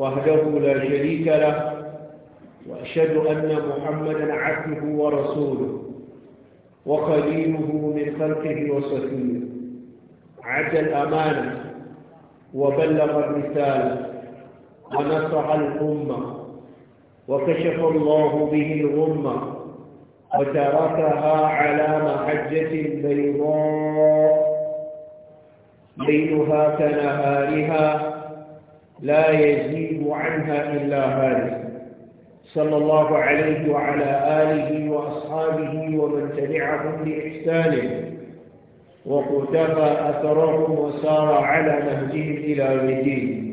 وحده لا شريك له وأشهد أن محمدا عبده ورسوله وخليله من خلقه وصفيه عد الأمانة وبلغ الرسالة ونصح الأمة وكشف الله به الغمة وتركها على محجة بيضاء ليلها كنهارها لا يزيد عنها إلا هالك صلى الله عليه وعلى آله وأصحابه ومن تبعهم بإحسانه وقتبى أثرهم وسار على نهجهم إلى مدين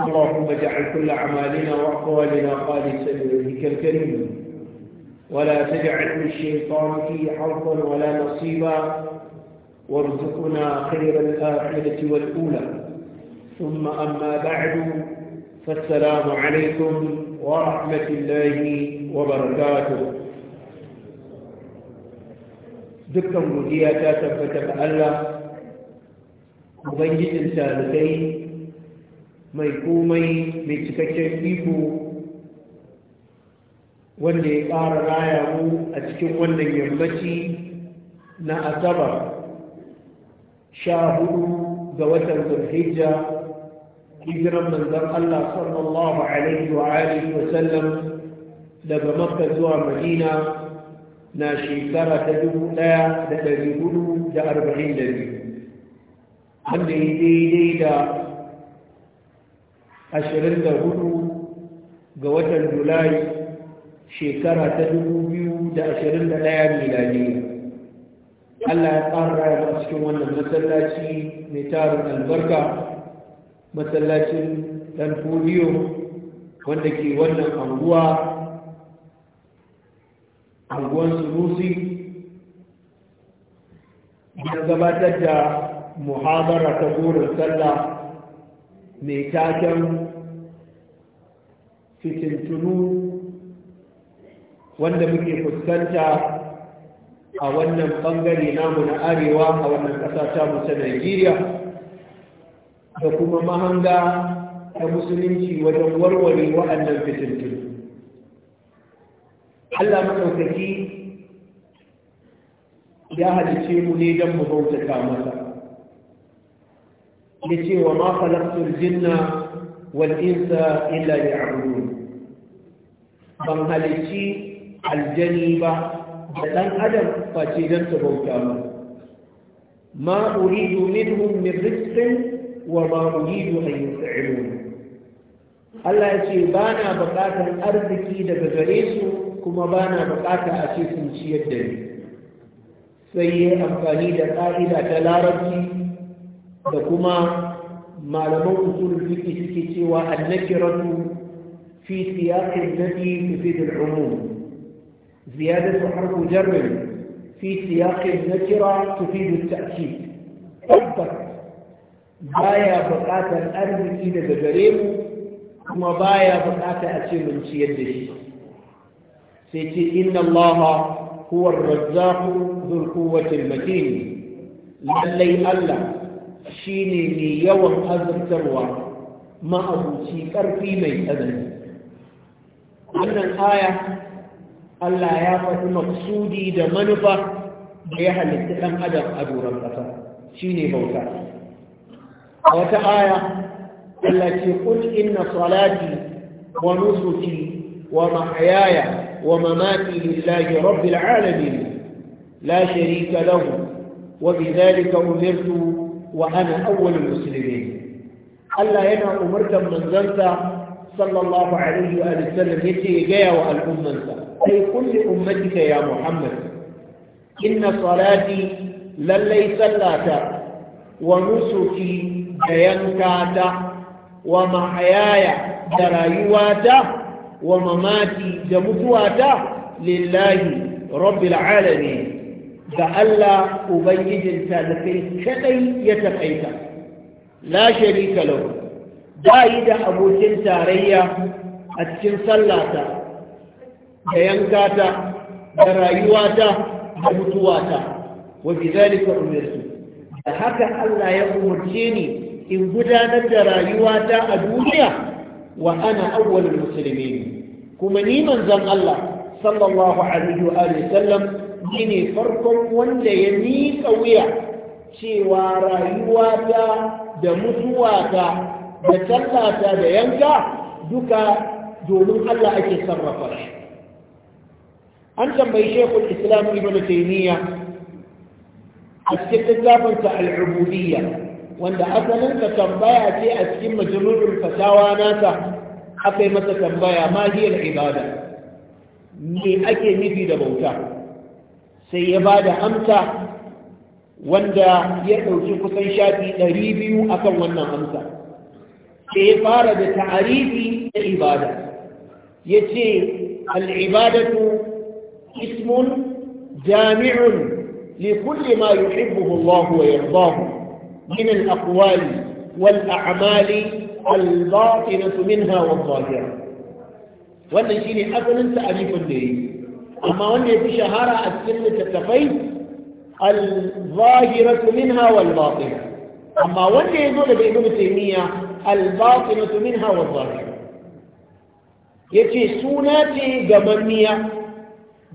اللهم اجعل كل أعمالنا وأقوالنا خالصة لوجهك الكريم ولا تجعل للشيطان فيه حظا ولا نصيبا وارزقنا خير الآخرة والأولى ثم أما بعد فالسلام عليكم ورحمة الله وبركاته dukkan godiya ta tabbata ga Allah ubangijin salibai mai komai mai cikakken iko wanda ya ƙara raya mu a cikin wannan yammaci na asabar sha hudu ga watan hijja. هجرة من ذر الله صلى الله عليه وآله وسلم لما مكة مدينة ناشي كرة تدو لا لتدي بلو دا أربعين لدي عند إيدي دي دا أشرين دا بلو قوتا جولاي شي كرة تدو بيو دا لايام ميلادي الله يقرر أسكوان المسلاتي نتار البركة masallacin ɗan foliyo wanda ke wannan anguwa anguwan sunusi ya gabatar da muhabara ta burin sallah mai taken fitintunu wanda muke fuskanta a wannan bangare namu na arewa a wannan ƙasa ta musa Najeriya. da kuma mahanga ta musulunci wajen warware wa'annan fitintun Allah maɗaukaki ya halice mu ne don mu bautata masa ya ce wa ma khalaqtul jinna wal insa illa liya'budun ban halici aljani ba da ɗan adam face don ta bauta mu ma uridu minhum min rizqin وما أريد أن يفعلون ألا يشي بانا بقاك الأرض كيدة غريس كما بانا بقاك أشيس شيء الدين سيء أمفاني دقائل تلاربي لكما ما لم أصول في كسكتي والنكرة في سياق النبي تفيد العموم زيادة حرف جرم في سياق النكرة تفيد التأكيد أكبر baya buƙatar arziki daga gare mu kuma baya buƙatar a ce mun ciyar da shi sai ce inna allaha huwa ar-razzaqu dhul quwwati al-matin lallai allah shine mai yawan azurtarwa ma'abuci ƙarfi mai tsanani wannan aya Allah ya faɗi maksudi da manufa da ya halitta ɗan adam a duran ƙasa shine bauta a wata aya Allah ce kul inna salati wa nusuki wa mahyaya wa mamati lillahi rabbil alamin la sharika lahu wa bidhalika umirtu wa ana awwalul muslimin Allah yana umartar manzansa sallallahu alaihi wa sallam yace gaya wa al'ummansa ai kulli ummatika ya muhammad inna salati lallai sallata wa nusuki da yankata wa mahayaya da rayuwata wa mamati da mutuwata lillahi rabbil alamin ga Allah ubangijin talakai kadai ya takaita la sharika lahu ba yi da abokin tarayya a cikin sallata da yankata da rayuwata da mutuwata wa bi zalika umirtu da haka Allah ya umarce ni in gudanar da rayuwata a duniya wa ana awwalul kuma ni manzon Allah sallallahu alaihi wa sallam ne farkon wanda ya miƙa wuya cewa rayuwata da mutuwata da tallata da yanka duka domin Allah ake sarrafa shi an tambayi shekul islam ibn taymiya a cikin littafinsa al'ubudiyya wanda asalinsa tambaya ce a cikin majmu'ul fatawa nasa aka yi masa tambaya ma hiyar ibada me ake nufi da bauta sai ya ba da amsa wanda ya ɗauki kusan shafi ɗari biyu akan wannan amsa sai ya fara da ta'arifi da ibada ya ce al'ibadatu ismun jami'un li kulli ma yuhibbuhu wa yardahu من الأقوال والأعمال الباطنة منها والظاهرة wannan shi ne asalin ta'arifin da yi amma wanda ya fi shahara a cikin littattafai al-zahiratu minha wal batin amma wanda ya zo daga ibnu taymiya al-batinatu minha wal zahir yace suna ce ga miya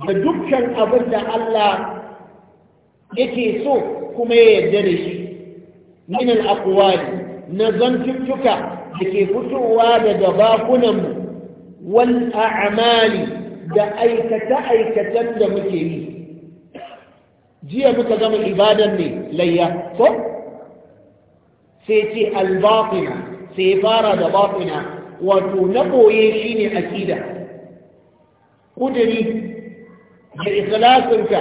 da dukkan abin da Allah yake so kuma ya yadda da shi min al na zantuttuka da ke fitowa daga bakunanmu wal a'mali da aikata aikacen da muke yi jiya muka gama ibadan ne layya ko sai ce albafina sai fara da bafina wato na ɓoye shi ne akida ƙudiri da ikilasinka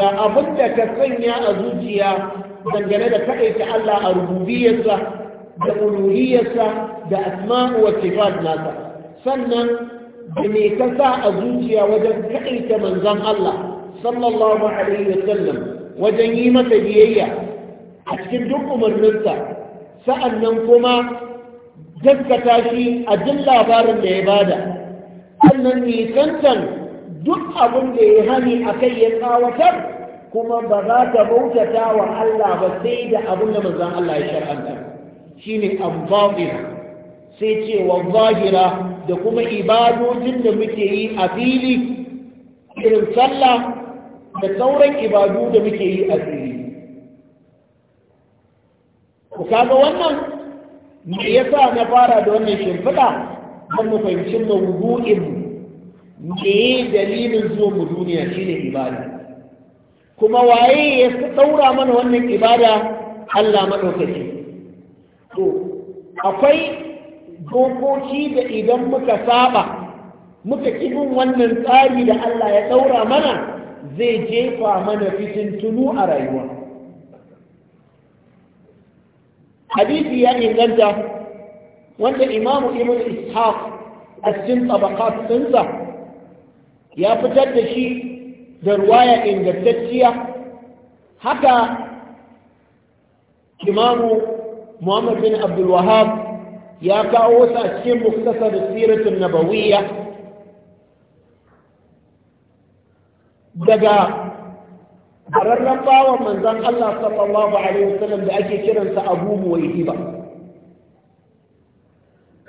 da abinda ka sanya a zuciya dangane da kaɗaita Allah a rububiyarsa da uluhiyarsa da asma'u wa sifat nasa sannan da me ka sa a zuciya wajen kaɗaita manzon Allah sallallahu alaihi wa sallam wajen yi masa biyayya a cikin duk umarninsa sa'annan kuma gaskata shi a duk labarin da ya bada sannan nisantan duk abin da ya hani a kai ya tsawatar kuma ba za ta bautata wa Allah ba sai da abin da manzon Allah ya shar'anta shine al-zahir sai ce wa zahira da kuma ibadojin da muke yi a fili irin sallah da sauran ibadu da muke yi a fili ku kaga wannan me yasa na fara da wannan shimfiɗa don mu fahimci mawudu'in me dalilin zuwa mu duniya shine ibada kuma waye ya ɗaura mana wannan ibada Allah maɗaukaki to akwai dokoki da idan muka saba muka kibin wannan tsari da Allah ya ɗaura mana zai jefa mana tunu a rayuwa hadisi ya inganta wanda imamu ibn ishaq a cikin tsabakat ɗinsa ya fitar da shi da ruwaya ingantacciya haka imamu muhammad bin Abdulwahab ya kawo wasu a cikin muktasar siratun nabawiyya daga ƙararren bawan manzan Allah sallallahu Alaihi wasallam da ake kiransa abu muwaihi ba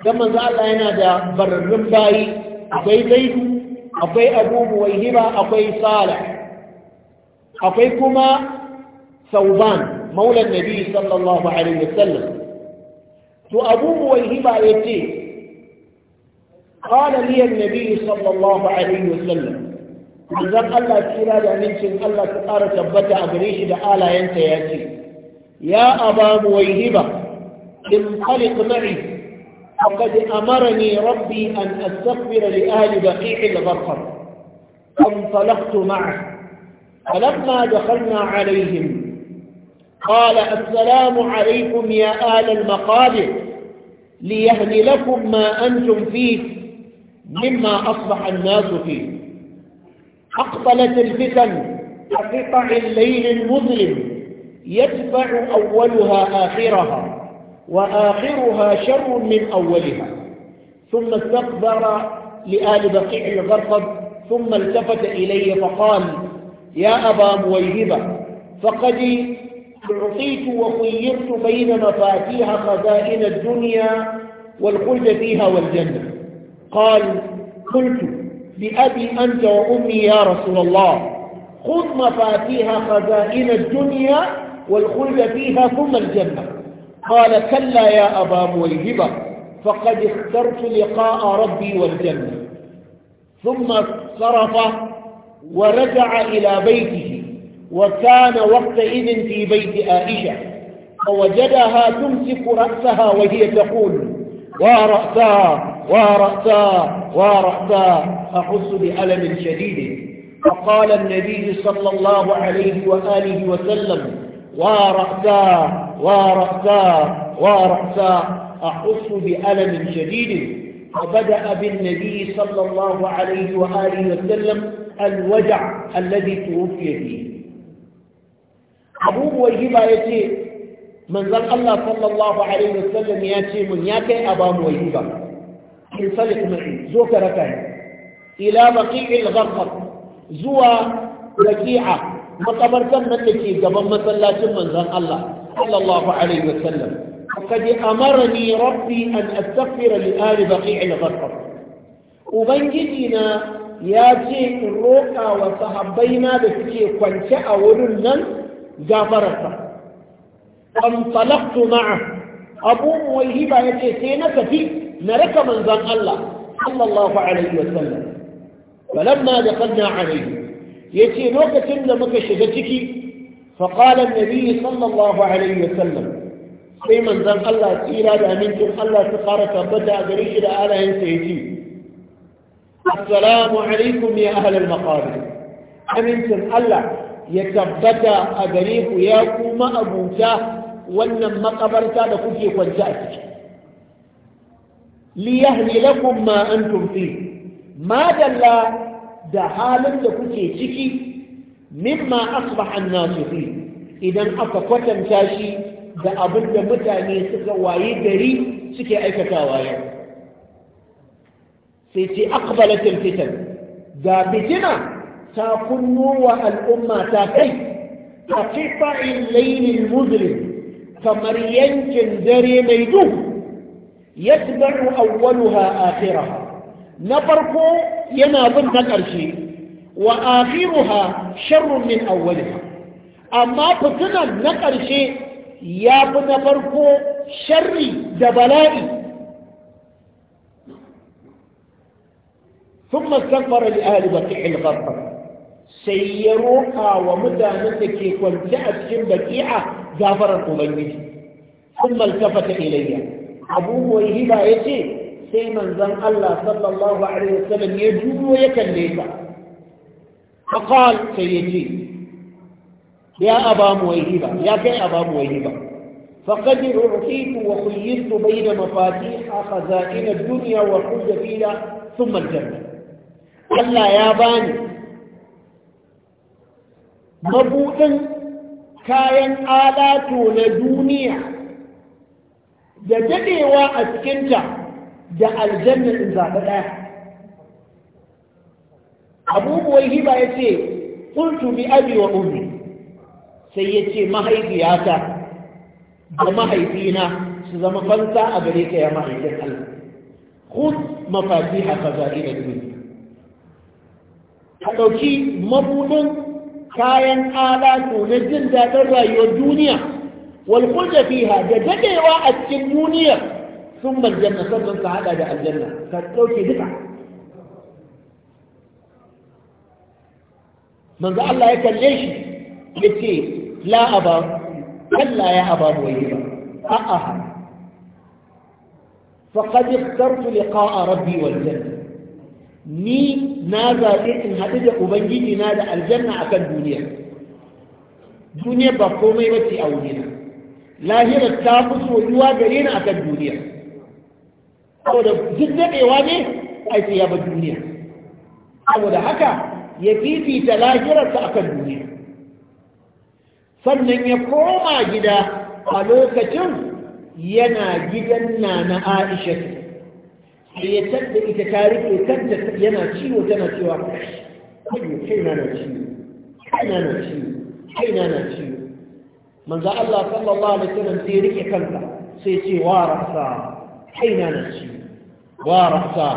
Dan manzan Allah yana da bararrun bayi akwai zaidu akwai abu hiba akwai salih akwai kuma sauban maulan nabi sallallahu alaihi wasallam to abu hiba ya ce, لي النبي صلى الله عليه وسلم manzon Allah kira da amincin Allah ta ƙara tabbata a gare shi da alayenta ya ce ya aba hiba in khaliq ma'i فقد أمرني ربي أن أستغفر لأهل بقيع الغفر فانطلقت معه فلما دخلنا عليهم قال السلام عليكم يا أهل المقابر لكم ما أنتم فيه مما أصبح الناس فيه أقبلت الفتن كقطع الليل المظلم يدفع أولها آخرها وآخرها شر من أولها ثم استقبر لآل بقيع الغرقد ثم التفت إلي فقال يا أبا مويهبة فقد أعطيت وخيرت بين مفاتيح خزائن الدنيا والخلد فيها والجنة قال قلت بأبي أنت وأمي يا رسول الله خذ مفاتيح خزائن الدنيا والخلد فيها ثم الجنة قال كلا يا أبا مويهبة فقد اخترت لقاء ربي والجنة ثم صرف ورجع إلى بيته وكان وقتئذ في بيت عائشة فوجدها تمسك رأسها وهي تقول ورأسا ورأسا ورأسا أحس بألم شديد فقال النبي صلى الله عليه وآله وسلم ورأسا ورأسا ورأسا أحس بألم شديد فبدأ بالنبي صلى الله عليه وآله وسلم الوجع الذي توفي فيه أبو مويهبة يتي من ذلك الله صلى الله عليه وسلم ياتي من ياكي أبا مويهبة انصلك معي زوك ركعي إلى بقيع الغرفة زوى ركيعة makabartar nan da ke gaban masallacin manzon Allah sallallahu alaihi wasallam qad amarani rabbi an astaghfira li ali baqi' al-gharqab ubangiji na ya ce in roƙa wa sahabbaina da suke kwance a wurin nan gafararsa an talaqtu ma'a abu muwaihiba ya ce sai na tafi na raka manzon Allah sallallahu alaihi wasallam falamma dakalna alaihi yace lokacin da muka shiga ciki فقال النبي صلى الله عليه وسلم sai manzan Allah tsira da amincin Allah ta fara tabbata a gare shi da alayensa ya ce assalamu alaikum ya ahalar maqabir amincin Allah ya tabbata a gare ku ya kuma abuta wannan makabarta da kuke kwanta a ciki li yahdi lakum ma antum fi ma dalla da halin da kuke ciki mimma asbaha an-nasu idan aka kwatanta shi da abin da mutane suka waye gari suke aikatawa yau sai ce aqbalat al-fitan ga fitina ta kunno wa al'umma ta kai a kifa'in lailin muzlim kamar yankin dare mai duhu yatba'u ha akhiraha na farko yana bin ta ƙarshe wa akhiruha sharrun min awwaliha amma fitinan na ƙarshe ya fi na farko sharri da bala'i ثم استغفر لأهل بقيع الغرفة سيروها ومتانتك وانتأت كم بقيعة غافر الأبنجي ثم التفت إلي أبوه ويهبا يتي sai manzon Allah sallallahu alaihi wasallam ya juyo ya kalle ka faqal sai yace ya aba a ya kai aba muwayhiba faqad u'titu wa khuyyitu bayna a khaza'in na duniya wa khuzafila thumma sun majalla. Allah ya bani Mabuɗin kayan alatu na duniya da daɗewa a cikinta da aljanna in zaɓi ɗaya abubuwan hiba ya ce kultu bi abi wa ummi sai ya ce mahaifiyata da mahaifina su zama fansa a gare ka ya mahaifin Allah khud mafatiha khaza'in ad-dunya ka ɗauki mabudin kayan alatu na jin daɗin rayuwar duniya walƙulda fiha da daɗewa a cikin duniya ثم الجنة ثم صعد إلى الجنة فتوكي دفع من قال الله يكن ليش لكي لا أبا كلا يا أبا بويبا أأها فقد اخترت لقاء ربي والجنة ني نادى إن هدد أبنجيني نادى الجنة أكا الدنيا الدنيا بقومي وتي أولينا لا هي التابس ويوا قرينا أكا الدنيا saboda duk daɗewa ne aiki ya ba duniya saboda haka ya fifita lahirarsa a kan duniya sannan ya koma gida a lokacin yana gidan na na aisha sai ya canza ita ta rike kanta yana ciwo tana cewa kaina na ciwo kaina na ciwo kaina na ciwo manzo Allah sallallahu alaihi wasallam sai rike kanta sai ce wa rasa kaina na ciwo wa rahsa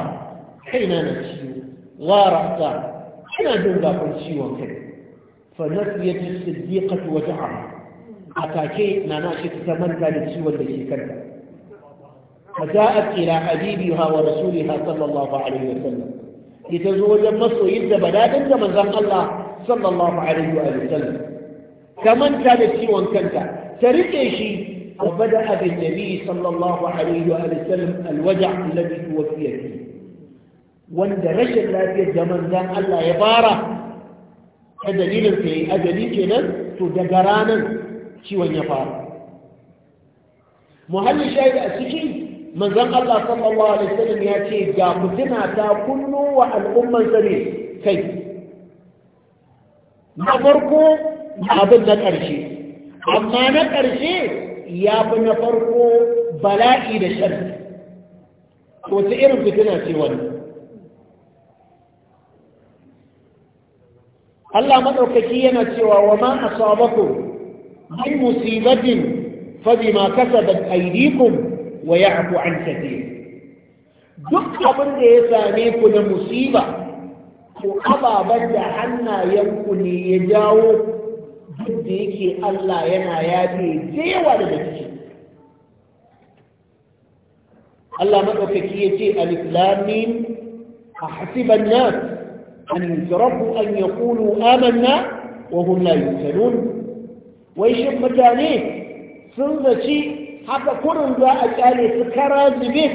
kaina na ciwo wa rahsa ina jin zafin ciwon kai fa nasiyat as-siddiqah wa na ta manta da ciwon da ke kanta فجاءت إلى حبيبها ورسولها صلى الله عليه وسلم لتزوج مصر يد بلاد من ذاق الله صلى الله عليه وسلم كمن كانت سوى كنت تركي شيء وبدأ بالنبي صلى الله عليه وسلم الوجع الذي توفي فيه wanda rashin lafiyar da manzan Allah ya fara ta dalilin sai ajali kenan to daga ranar ciwon ya fara muhallin shahid a cikin manzan Allah sallallahu alaihi wasallam ya ce ga mutuna ta kunno wa al'umman sa ne kai na farko abin na ƙarshe amma na ƙarshe ya fi na farko bala'i da sharri wata irin fitina ce wani Allah maɗaukaki yana cewa wa ma asabakum min musibatin da bima kasabat aydikum wa ya'fu an tafi. duk abin da ya same ku na musiba ko ababen da hannayenku ne ya jawo duk da yake Allah yana yafe da yawa daga ciki Allah maɗaukaki ya ce alislamin a hasiban nan an yusrafu an ya kulu amanna wa hum yusanun wai shin mutane sun zaci haka kurin za a kyale su kara zube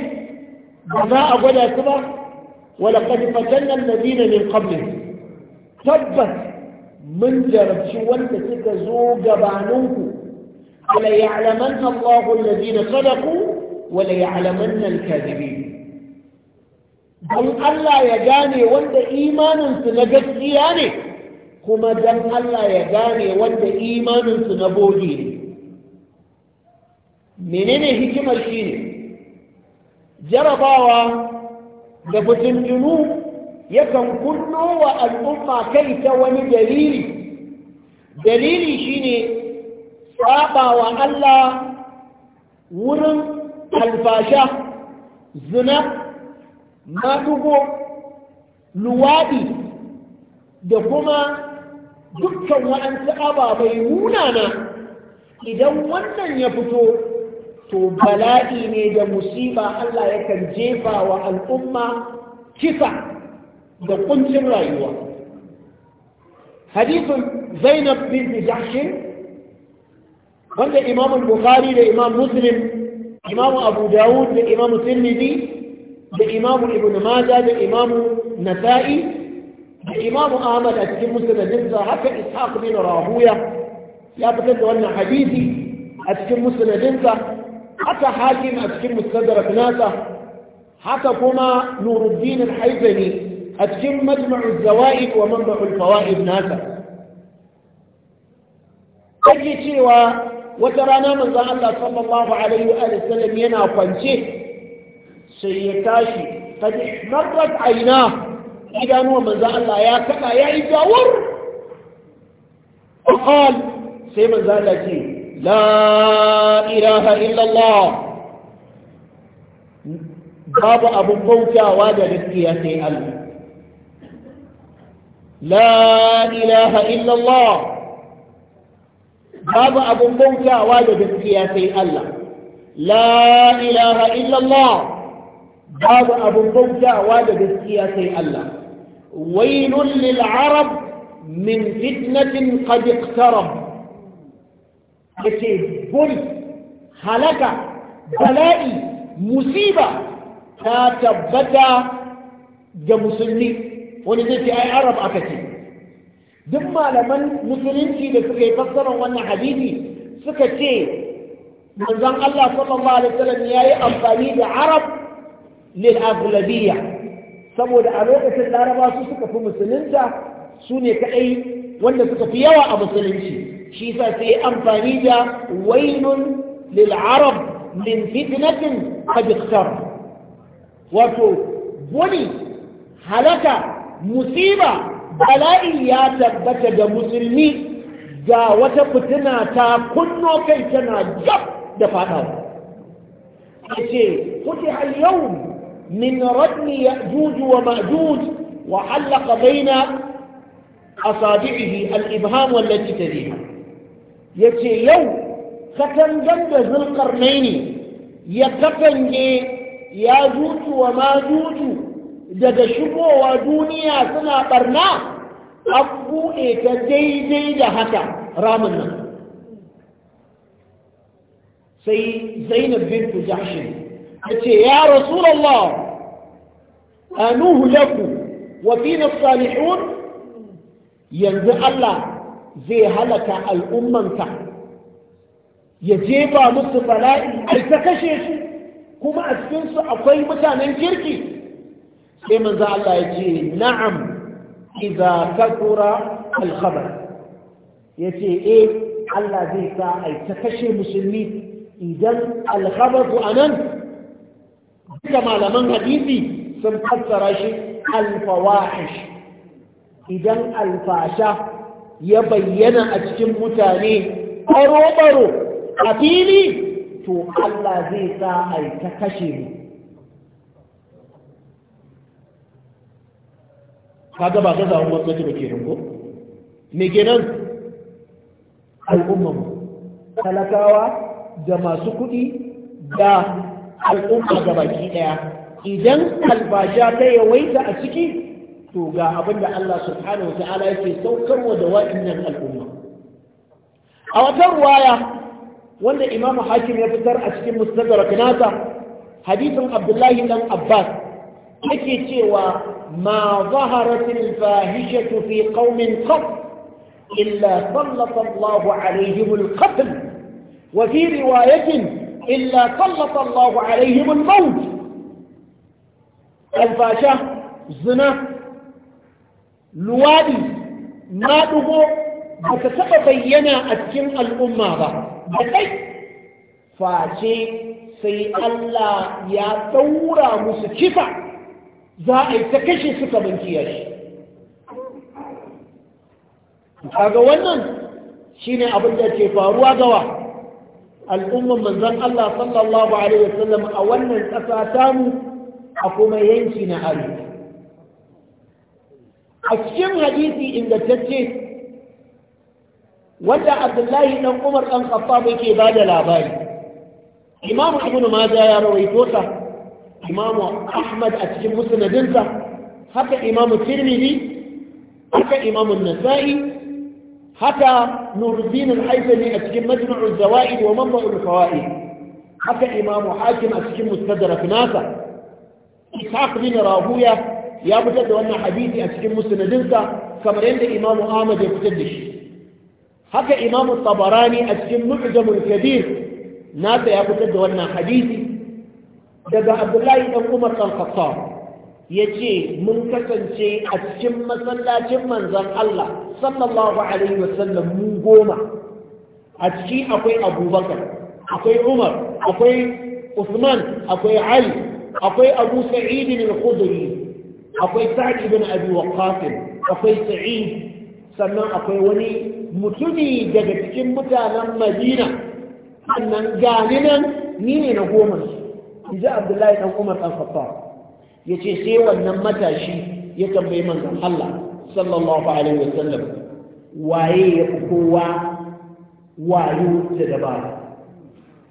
ba za a gwada su ba ولقد فتنا الذين من قبلهم Tabbas. mun jarabci wanda kika zo gabaninku ala ya'lamanna Allahu alladhina ku, wa la ya'lamanna al-kadhibin don Allah ya gane wanda imaninsu na gaskiya ne kuma don Allah ya gane wanda imaninsu na boge ne menene hikimar shine? jarabawa da fitintunu yakan kunno wa al'umma kai ta wani dalili dalili shine saba wa Allah wurin alfasha zina madugo luwaɗi da kuma dukkan waɗansu ababai munana idan wannan ya fito to bala'i ne da musiba Allah yakan jefa wa al'umma kisa da kuncin rayuwa hadithin zainab bin jahshin wanda imamun bukhari da imam muslim imam abu dawud da imam tirmidhi da imam ibn majah da imam nasa'i da imam ahmad a cikin musnadinsa haka ishaq bin rahuya ya fitar da wannan hadisi a cikin musnadinsa haka hakim a cikin mustadrak nasa haka kuma nuruddin al-haythami a cikin majma'ul zawa'id wa manba'ul fawaid nasa kake cewa wata rana manzon Allah sallallahu alaihi wa sallam yana kwance sai ya tashi kad marrat aina idanuwa manzon Allah ya kada ya yi jawur qal sai manzon Allah ce la ilaha illa Allah babu abun bautawa da gaskiya sai Allah la ilaha illallah babu abun bautawa da gaskiya da gaskiya sai Allah wailul lil arab min fitnatin qad iqtarab bul halaka bala'i musiba ta tabbata ga musulmi wani zai ce ai arab aka ce duk malaman musulunci da suka yi fassarar wannan hadisi suka ce manzon Allah sallallahu alaihi wasallam ya yi amfani da arab lil aghlabiyya saboda a lokacin laraba su suka fi musulunta su ne kaɗai wanda suka fi yawa a musulunci shi sa sai amfani da wailun lil arab min fitnatin qad wato wani halaka musiba bala'i ya tabbata da musulmi ga wata fitina ta kunno kai tana jab da fadawa yace futiha al-yawm min radmi ya'juj wa ma'juj wa halaqa baina asabi'ihi al-ibham wallati Ya yace yau katangan da zulqarnaini ya katange ya juju wa majuju daga shigowa duniya suna barna an buɗe ta daidai da haka ramin nan sai zainab bintu jahshin ta ce ya rasulallah anuhu laku wa fina salihun yanzu Allah zai halaka al'ummanta. ya jefa musu bala'i ai ta kashe su kuma a cikinsu akwai mutanen kirki sai manzo Allah ya ce na'am idza kathura al-khabar yace eh Allah zai sa ai ta kashe musulmi idan al-khabathu anan duka malaman hadisi sun fassara shi al-fawahish idan al-fasha ya bayyana a cikin mutane baro baro a fili to Allah zai sa ai ta kashe mu kaga ba gazawar gwamnati da ke ko me kenan al'ummar talakawa da masu kuɗi da al'umma ga baki ɗaya idan albasha ta yawaita a ciki to ga abinda Allah subhanahu wa ta'ala yake saukarwa da wa'annan al'umma a wata ruwaya wanda imamu hakim ya fitar a cikin mustadrak nasa hadisin abdullahi dan abbas yake cewa ما ظهرت الفاهشة في قوم قط إلا سلط الله عليهم القتل وفي رواية إلا سلط الله عليهم الموت الفاشة زنا لوادي ما دبو بكتب بينا أتكم الأمة بكي فاشي سي الله يا ثورة مسكفة za a yi ta kashe su shi. kiyashi kaga wannan shine abin da ke faruwa gawa al'umman manzon Allah sallallahu alaihi wasallam a wannan ƙasa tamu a kuma yanki na arewa a cikin hadisi ce wanda abdullahi dan umar dan khattab yake ba da labari imam ibn majah ya rawaito ta imamu ahmad a cikin musnadinsa haka imamu tirmidhi haka imamu nasa'i haka nuruddin al-haythami a cikin majma'u zawaid wa mabda'u fawaid haka imamu hakim a cikin mustadrak nasa ishaq bin rahuya ya fitar da wannan hadisi a cikin musnadinsa kamar yadda imamu ahmad ya fitar da shi haka imamu tabarani a cikin mu'jamul kabir nasa ya fitar da wannan hadisi daga abdullahi dan umar dan khattab yace mun kasance a cikin masallacin manzon Allah sallallahu alaihi wasallam mu goma a ciki akwai abubakar akwai umar akwai usman akwai ali akwai abu sa'id al-khudri akwai sa'id bin abi waqqas akwai sa'id sannan akwai wani mutumi daga cikin mutanen madina sannan gani nan ni ne na goma su ji abdullahi dan umar dan khattab yace sai wannan matashi ya tambayi manzon Allah sallallahu alaihi wasallam waye ya fi kowa wayo da dabara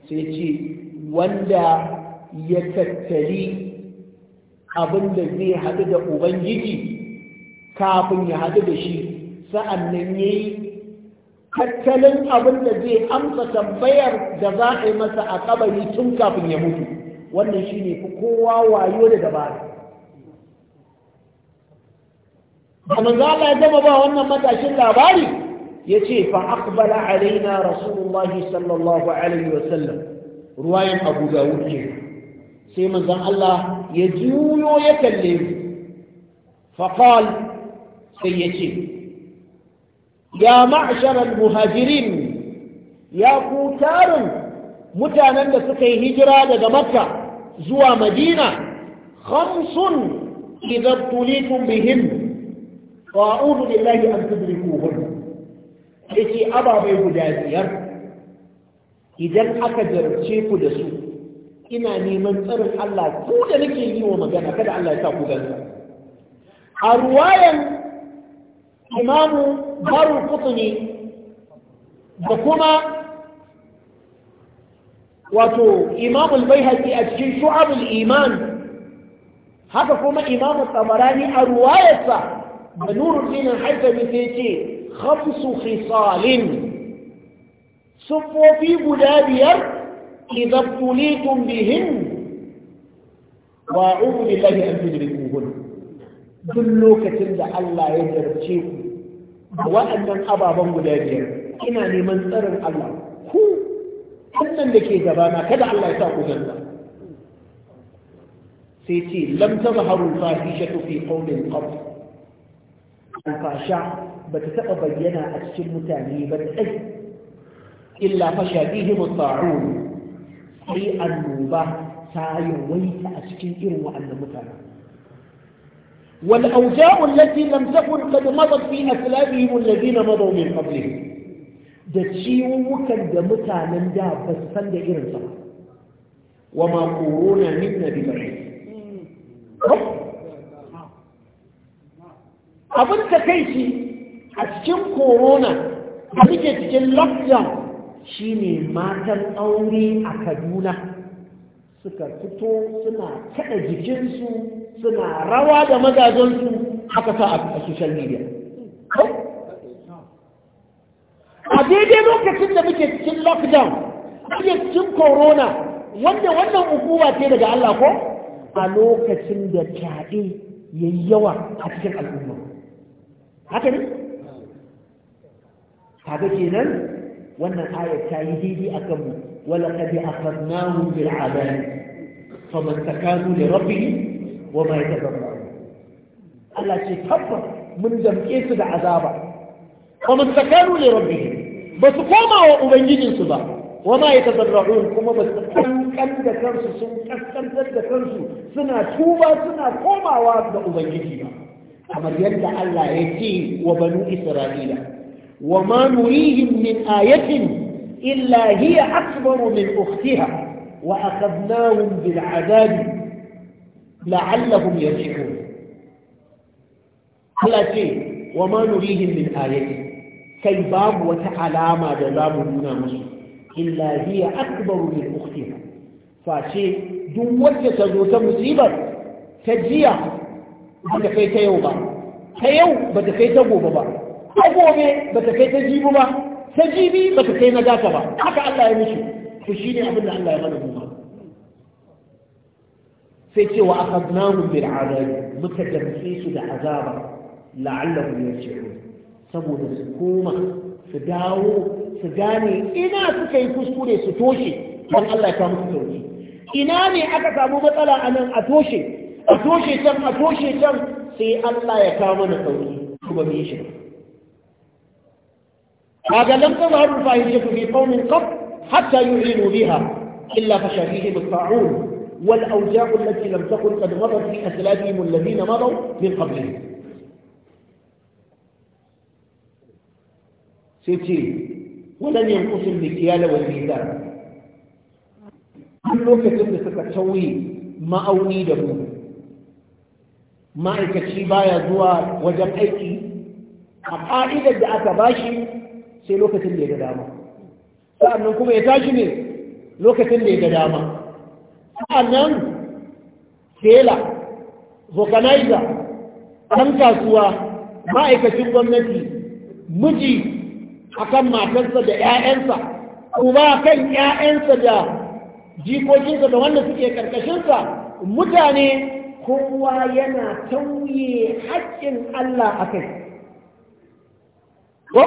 sai ce wanda ya tattali abin da zai haɗu da ubangiji kafin ya haɗu da shi sa'an nan ya yi tattalin abin da zai amsa tambayar da za a yi masa a kabari tun kafin ya mutu wannan shine fi kowa wayo da dabara da manzo Allah ya gama ba wannan matashin labari yace fa aqbala alaina rasulullah sallallahu alaihi sallam. ruwayan Abu Dawud ce sai manzo Allah ya juyo ya kalle mu fa qal sai yace ya ma'shar al-muhajirin ya ku tarin mutanen da suka yi hijira daga makka zuwa madina khamsun idan tulitum bihim wa a'udhu billahi an tudrikuhum yace ababai guda biyar idan aka jarce ku da su ina neman tsarin Allah ko da nake yi wa magana kada Allah ya sa ku gansa a ruwayan imamu kutu ne da kuma wato imamul baihaqi a cikin shu'abul iman haka kuma imamu tabarani a ruwayarsa da nurul dinin haitami sai ce khamsu khisalin sufofi guda biyar idan tulitum bihin wa ubu billahi an tudrikuhun duk lokacin da Allah ya jarce ku da waɗannan ababen guda biyar ina neman tsarin Allah ku wannan da ke gabana kada Allah ya sa ku ganta sai ce lam tazharu fahishatu fi qawlin qab alfasha ba ta taba bayyana a cikin mutane ba tsai illa fasha bihi muta'un sai annoba ta yawaita a cikin irin wa'annan mutane والأوجاع التي لم تكن قد مضت في أسلافهم الذين مضوا من قبلهم da ciwukan da mutanen da ba su san da irin sama. wa ma korona min na bibarai abin ka kai shi a cikin korona da muke cikin lockdown shine matan aure a kaduna suka fito suna kada jikinsu suna rawa da mazajensu haka sa a social media daidai lokacin da muke cikin lockdown muke cikin corona wanda wannan ukuwa ce daga Allah ko a lokacin da fyaɗe ya yi yawa a cikin al'umma haka ne kaga kenan wannan ayar ta yi daidai a kanmu wala kad akhadnahu bil adab faman takanu li rabbih wa ma yatadabbar Allah ce tabbas mun damke su da azaba faman takanu li rabbih ba su koma wa ubangijinsu ba wa ma yatadarra'un kuma ba su kankan da kansu sun kaskantar da kansu suna tuba suna komawa ga ubangiji ba kamar yadda Allah ya ce wa banu Isra'ila wa ma nurihim min ayatin illa hiya akbaru min ukhtiha wa akhadnahum bil adab la'allahum yarji'un Allah ce wa ma nurihim min ayatin kai babu wata alama da za mu nuna musu illa hiya akbaru min ukhtiha face duk wacce ta zo ta musibar ta jiya ba ta kai ta yau ba ta yau ba ta kai ta gobe ba ta gobe ba ta kai ta jibi ba ta jibi ba ta kai na gata ba haka Allah ya mishi to shine abin da Allah ya mana mu sai ce wa akhadnahum bil azab muka jamsi su da azaba la'allahum yarji'un saboda su koma su dawo su gane ina suka yi kuskure su toshe don Allah ya musu sauki ina ne aka samu matsala a nan a toshe a toshe can a toshe can sai Allah ya kawo mana sauki kuma mu yi shi kaga lam tazhar fahishatu fi qaumin qat hatta yu'linu biha illa fashafihim at-ta'un والأوجاع التي لم تكن قد مضت في أسلافهم الذين مضوا min قبلهم sai ce wadan yankusun mikiyala wani mizan An lokacin da suka tauye ma'auni da mu ma'aikaci baya zuwa wajen aiki a ƙa'idar da aka bashi sai lokacin da ya ga dama sa'annan kuma ya tashi ne lokacin da ya ga dama sa'annan tela vulcanizer ɗan kasuwa ma'aikacin gwamnati miji akan matarsa da 'ya'yansa uba kan 'ya'yansa da jikokinsa da wanda suke karkashinsa mutane kowa yana tauye haƙƙin Allah a kai ko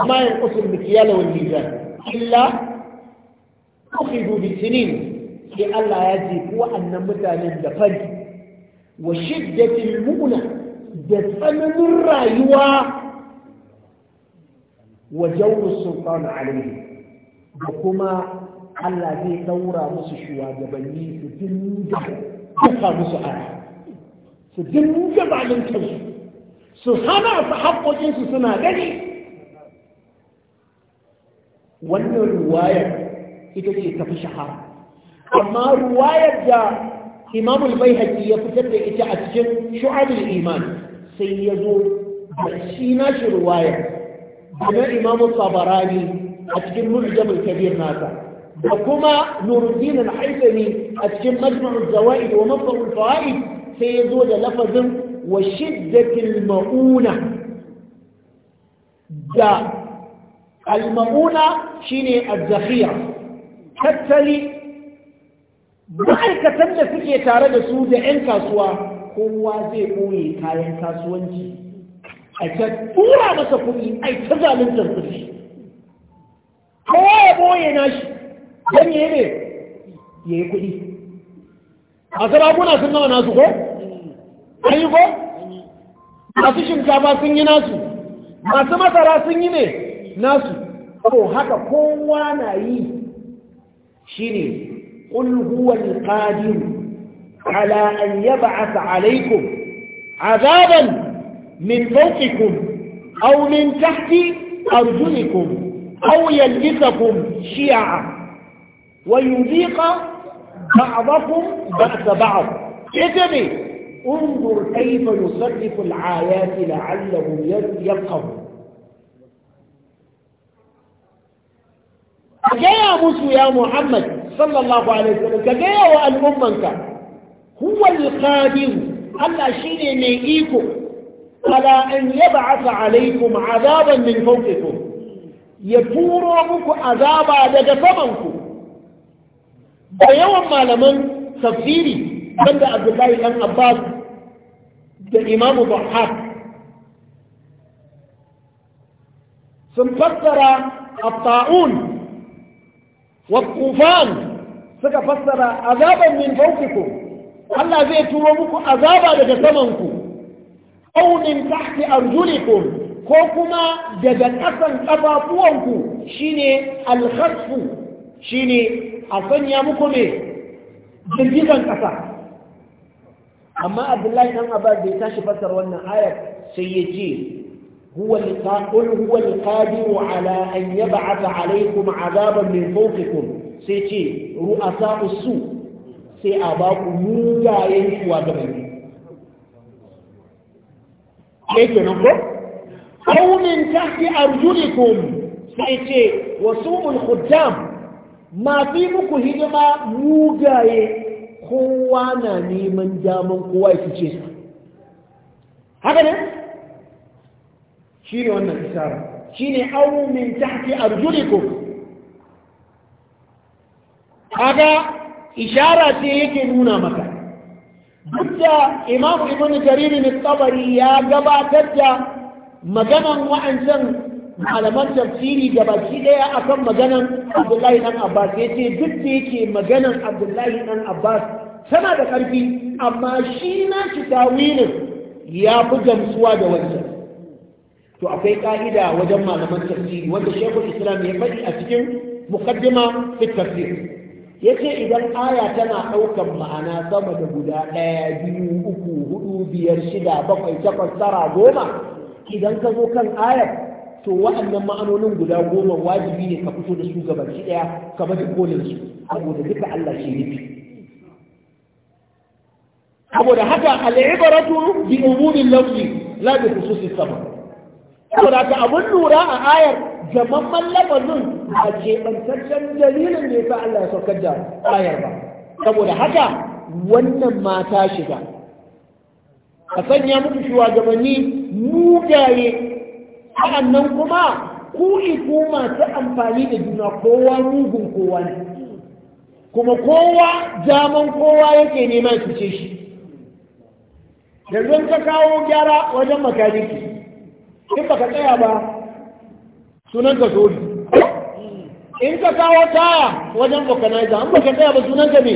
amma yin usul mikiyala wal mizan illa ukhidu bi sinin sai Allah ya jefi wa'annan mutanen da fari wa shiddatil mu'na da tsananin rayuwa وجو السلطان عليه وكما الذي دورا مس شوا جبني سجن جبا مس عرا سجن جبا من كيف سحنا فحق جنس سنا دني وانا رواية إذا تفي شهر أما رواية جاء إمام البيهجي يفتر لإتعجب شعب الإيمان سيدو بسينا شروايه da imam tabarani a cikin mujam kabir nasa da kuma nuruddin al-haythami a cikin majmu' al-zawaid wa fawaid sai ya zo da lafazin wa shiddatil mauna da al-mauna shine az-zakhiya tattali ma'aikatan da suke tare da su da 'yan kasuwa kowa zai ɓoye kayan kasuwanci a ta tura masa kuɗi a yi ta zaluntar kuɗi Ko ya boye nashi don ya ne ya yi kuɗi a kuna sun nawa nasu ko an yi ko masu shinkafa sun yi nasu masu masara sun yi ne nasu ko haka kowa na yi shi ne ƙulhuwar ƙadiru ala an yaba alaikum azaban من فوقكم او من تحت ارجلكم او يلبسكم شيعا ويذيق بعضكم بأس بعض اتبه انظر كيف يصرف العايات لعلهم يلقوا كجايا موسو يا محمد صلى الله عليه وسلم كجايا وأن أمك هو القادم هل أشيء من إيكم على أن يبعث عليكم عذابا من فوقكم يفوروك عذابا لجسمك ويوم ما لمن تفسيري عند عبد الله بن عباس الإمام ضحاك ثم فسر الطاعون والطوفان ثم فسر عذابا من فوقكم هل هذه تروبك عذابا لجسمكم aunin tahti arjulikum ko kuma daga ƙasan ƙafafuwanku shine alkhasfu shine a sanya muku ne jirgin ƙasa amma abdullahi dan abbas ya tashi fassar wannan ayar sai ya ce هو قل هو القادر على أن يبعث عليكم عذابا من فوقكم سيتي رؤساء السوء سيأباكم موجا ينشوا ke kenan ko aw min tahti arjulikum sai ce wasu khuddam ma fi muku hidima mugaye kowa na neman daman kowa ya fice su haka ne shi ne wannan isara shi ne aunin min tahti arjulikum kaga ishara ce yake nuna maka duk da imam ibn jaririn tsabari ya gabatar da maganan wa'ancan malaman tafsiri da baki ɗaya akan maganan abdullahi dan abbas ya ce duk da yake maganan abdullahi dan abbas tana da ƙarfi amma shi na shi tawilin ya fi gamsuwa da wancan to akwai ƙa'ida wajen malaman tafsiri wanda shekul islam ya faɗi a cikin muqaddima fi tafsir ya ce idan aya tana ɗaukan ma'ana sama da guda ɗaya biyu uku hudu biyar shida bakwai takwas tara goma idan ka zo kan ayar to waɗannan ma'anonin guda goma wajibi ne ka fito da su gabanci ɗaya ka mafi kolin su saboda duka Allah shi nufi saboda haka al'ibaratu bi umurin lafi la bi khususis sabab saboda ka abun lura a ayar jamamman nun a keɓantaccen dalilin da ya sa Allah ya saukar da ayar ba saboda haka wannan mata shiga a sanya muku shugabanni mugaye sa'annan kuma ku ku masu amfani da juna kowa mugun kowa ne kuma kowa jaman kowa yake neman su ce shi yanzu ka kawo gyara wajen makaniki in ka tsaya ba sunan ka zoli in ka kawo taya wajen vulcanizer an baka tsaya ba sunan ka ne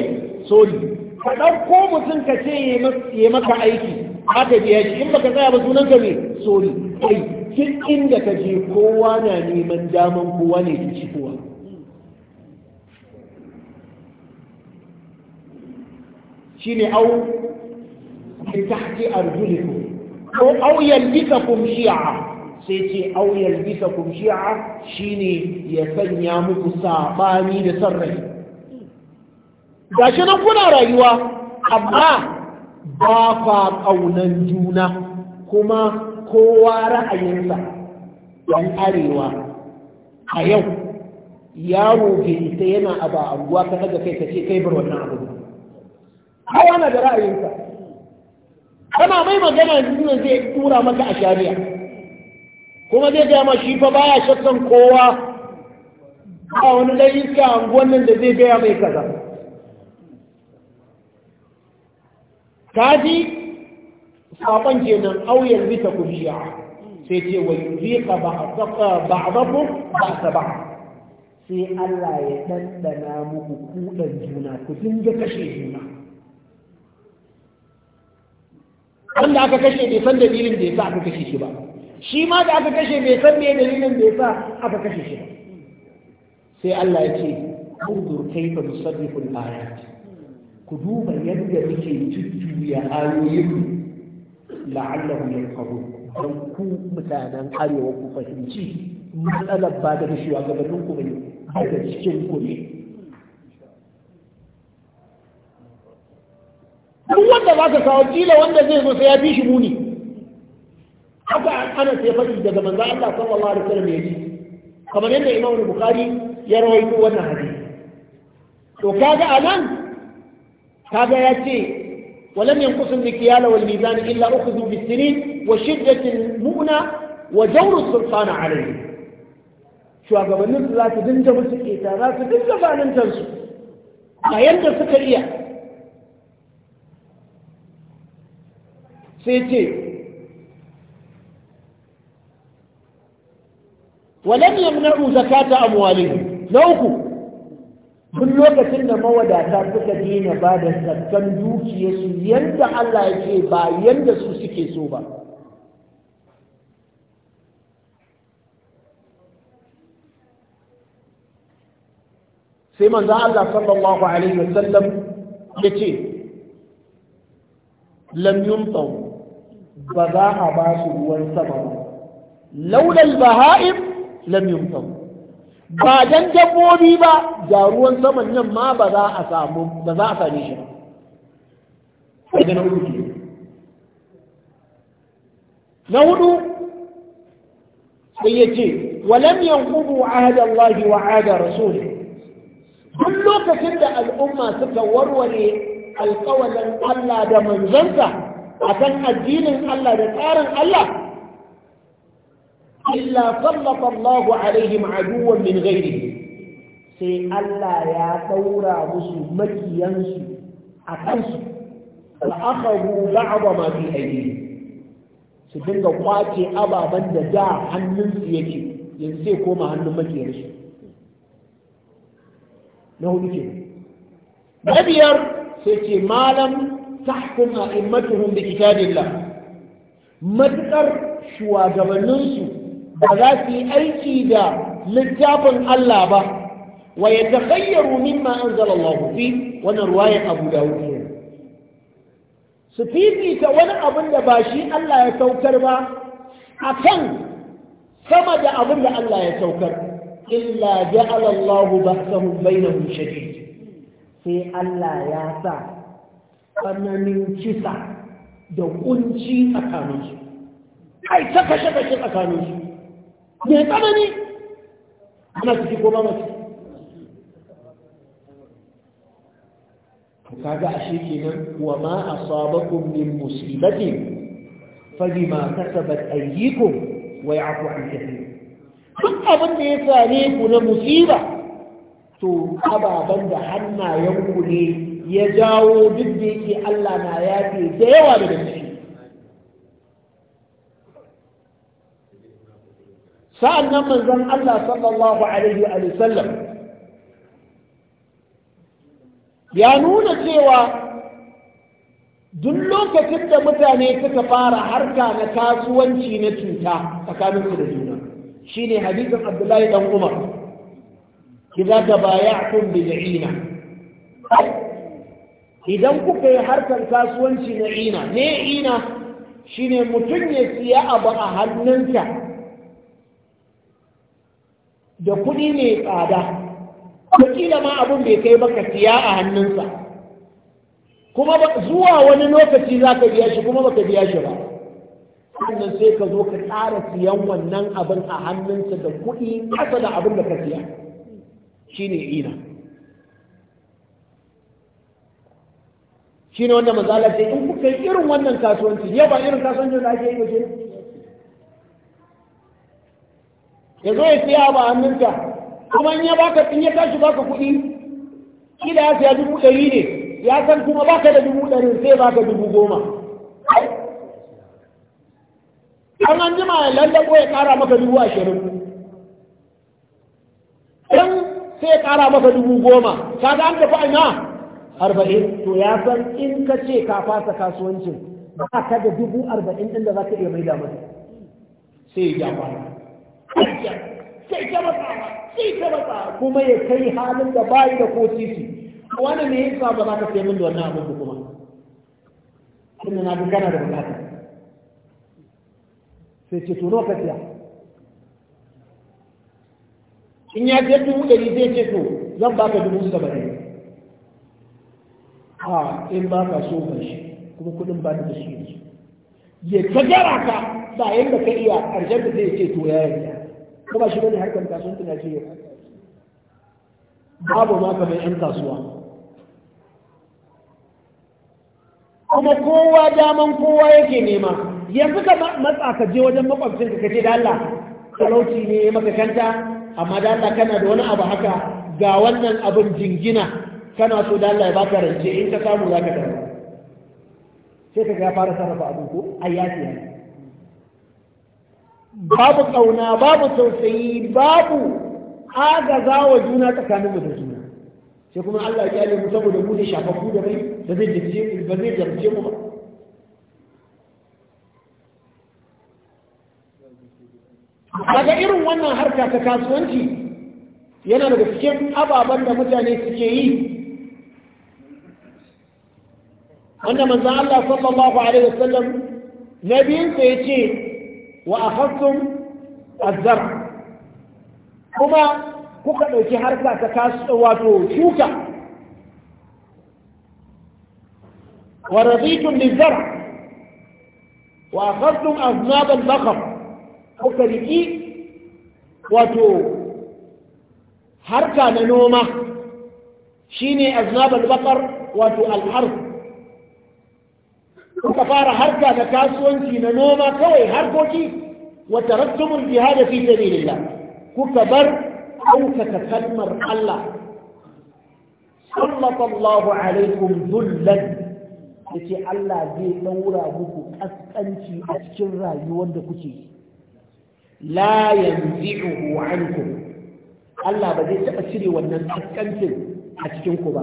soli ka ɗauko mutum ka ce ya maka aiki aka biya shi in baka tsaya ba sunan ka ne soli kai duk inda ka je kowa na neman daman kowa ne ta ci kowa ne au min arzuli arjulikum ko auyan kum shi'a sai ce auyan bisa shi'a shine ya sanya muku saɓani da son rai gashi nan kuna rayuwa amma ba fa kaunan juna kuma kowa ra'ayinsa don arewa a yau yawo ke ita yana a ba ka kai ka ce kai bar wannan abu kowa na da ra'ayinsa kana mai magana nuna zai tura maka a shari'a kuma zai gaya ma shi fa baya shakkan kowa a wani dan a nan da zai gaya mai kaza kaji saban kenan auyar bisa kubiya sai ce wa ba a ba'sa ba sai Allah ya dandana muku kudan juna ku dinga kashe juna wanda aka kashe bai san dalilin da yasa aka kashe shi ba shi ma da aka kashe bai san me dalilin da yasa aka kashe shi ba sai Allah ya ce انظر كيف نصرف الآيات قدوما يبدا muke jujjuya ayoyin la'allahu yanqahu don ku mutanen arewa ku fahimci matsalar ba da a shugabannin ku bane da cikin ku ne duk wanda za ka kawo kila wanda zai zo sai ya fi shi muni haka ana sai faɗi daga manzo Allah sallallahu alaihi wasallam yaji kamar yadda Imam Bukhari ya rawaito wannan hadisi to kaga anan kaga yace ولم ينقص المكيال والميزان إلا أخذوا بالسنين وشدة المؤنة وجور السلطان عليه شو أقول الناس لا تدنجب السكيتة لا تدنجب عن انتنسوا لا ينتسك sai ce walam yamna'u zakata amwalihim na uku tun lokacin da mawadata suka dina ba da sakkan dukiyarsu yadda Allah ya ce ba yadda su suke so ba sai manzo Allah sallallahu alaihi wasallam ya ce lam yumtau ba za a ba su ruwan sama ba laulal baha'im lam yumtam ba dan dabbobi ba da ruwan saman nan ma ba za a samu ba za a same shi ba daga na uku na hudu sai ya ce walam yanqudu ahda Allah wa ahda duk lokacin da al'umma suka warware alƙawalin Allah da manzansa akan addinin Allah da tsarin Allah illa sallata Allahu alaihim aduwan min ghairihi sai Allah ya daura musu makiyansu a kansu al'akaru ba'aba ma fi aiki su dinga kwace ababen da da hannunsu yake yanzu sai koma hannun makiyarsu na hudu ke na biyar sai ce malam tahkum a'immatuhum bi kitabillah matukar shugabanninsu ba za su yi aiki da littafin Allah ba wa ya takhayyaru mimma anzala Allah fi wannan ruwayar Abu Dawud ne su fifita wani abin da ba shi Allah ya saukar ba akan sama da abin da Allah ya saukar illa ja'ala Allah ba'sahum bainahum shadid sai Allah ya sa tsananin kisa da kunci tsakanin su. ai ta kashe kashe tsakanin su. mai tsanani ana ciki ko ba mace kaga ashe kenan wa ma a asabakum min musibatin fabima kasabat aydikum wai ya'fu an kathir duk abin da ya same ku na musiba to ababan da hannayen ku ne ya jawo duk da yake Allah na fi da yawa daga cikin sa'an nan manzon Allah sallallahu alaihi wa sallam ya nuna cewa duk lokacin da mutane suka fara harka na kasuwanci na cuta tsakaninsu da juna shine hadisin Abdullahi dan Umar idza tabaya'tum a 'ina idan kuka yi harkar kasuwanci na ina ne ina shine mutum ya siya abu a hannunka da kuɗi ne tsada wakila ma abin bai kai baka siya a hannunsa kuma zuwa wani lokaci za ka biya shi kuma baka biya shi ba sannan sai ka zo ka tsara siyan wannan abin a hannunsa da kuɗi ƙasa da abin da ka siya shine ina shine wanda mazalar Allah ce in kuka yi irin wannan kasuwanci yau ba irin kasuwancin da ake yi waje ya zo ya siya ba hannunta kuma in ya baka in ya tashi baka kuɗi kila ya siya dubu ɗari ne ya san kuma baka da dubu ɗari sai baka dubu goma an an jima ya lallabo ya ƙara maka dubu ashirin ɗan sai ya ƙara maka dubu goma ga an tafi ina arba'in to ya san in ka ce ka fasa kasuwancin ba ka da dubu arba'in ɗin da za ka iya mai damar sai ya ba sai ta ba sai ta ba kuma ya kai halin da bayi da ko titi wani ne ya sa ba za ka sai min da wannan abin kuma tunda na duk kana da bukata sai ce tono ka siya in ya ce dubu ɗari zai ce to zan ba ka dubu saba'in a in ba ka so ba shi kuma kudin ba da shi ne ya tagara ka ba yadda ka iya ƙarshen da zai ce to ya yarda kuma shi ne harkar kasuwanci tana ce babu ma mai 'yan kasuwa kuma kowa daman kowa yake nema yanzu ka matsa ka je wajen makwabcin ka ce da Allah talauci ne maka kanta amma da Allah kana da wani abu haka ga wannan abin jingina kana so da Allah ya baka rance in ka samu za ka dawo sai ka ga fara sarrafa abu ko ai ya babu kauna babu tausayi babu agaza wa juna tsakanin mu da juna sai kuma Allah ya kyale mu saboda mu ne shafafu da bai da zai dace ku ba zai jarce mu ba daga irin wannan harka ta kasuwanci yana daga cikin ababen da mutane suke yi wanda manzan Allah sallallahu alaihi wasallam na biyun sa yace wa akhadtum azzar kuma kuka ɗauki harka ta kasu wato shuka wa raditum bizar wa akhadtum aznab al-baqar kuka riki wato harka na noma shine aznab al wato kuka fara harka da kasuwanci na noma kawai harkoki wa tarattumul jihad fi sabilillah kuka bar ɗaukaka kalmar Allah sallallahu alaikum dhullan ce Allah zai daura muku kaskanci a cikin rayuwar da kuke la yanzi'uhu ankum Allah ba zai taɓa cire wannan kaskancin a cikin ku ba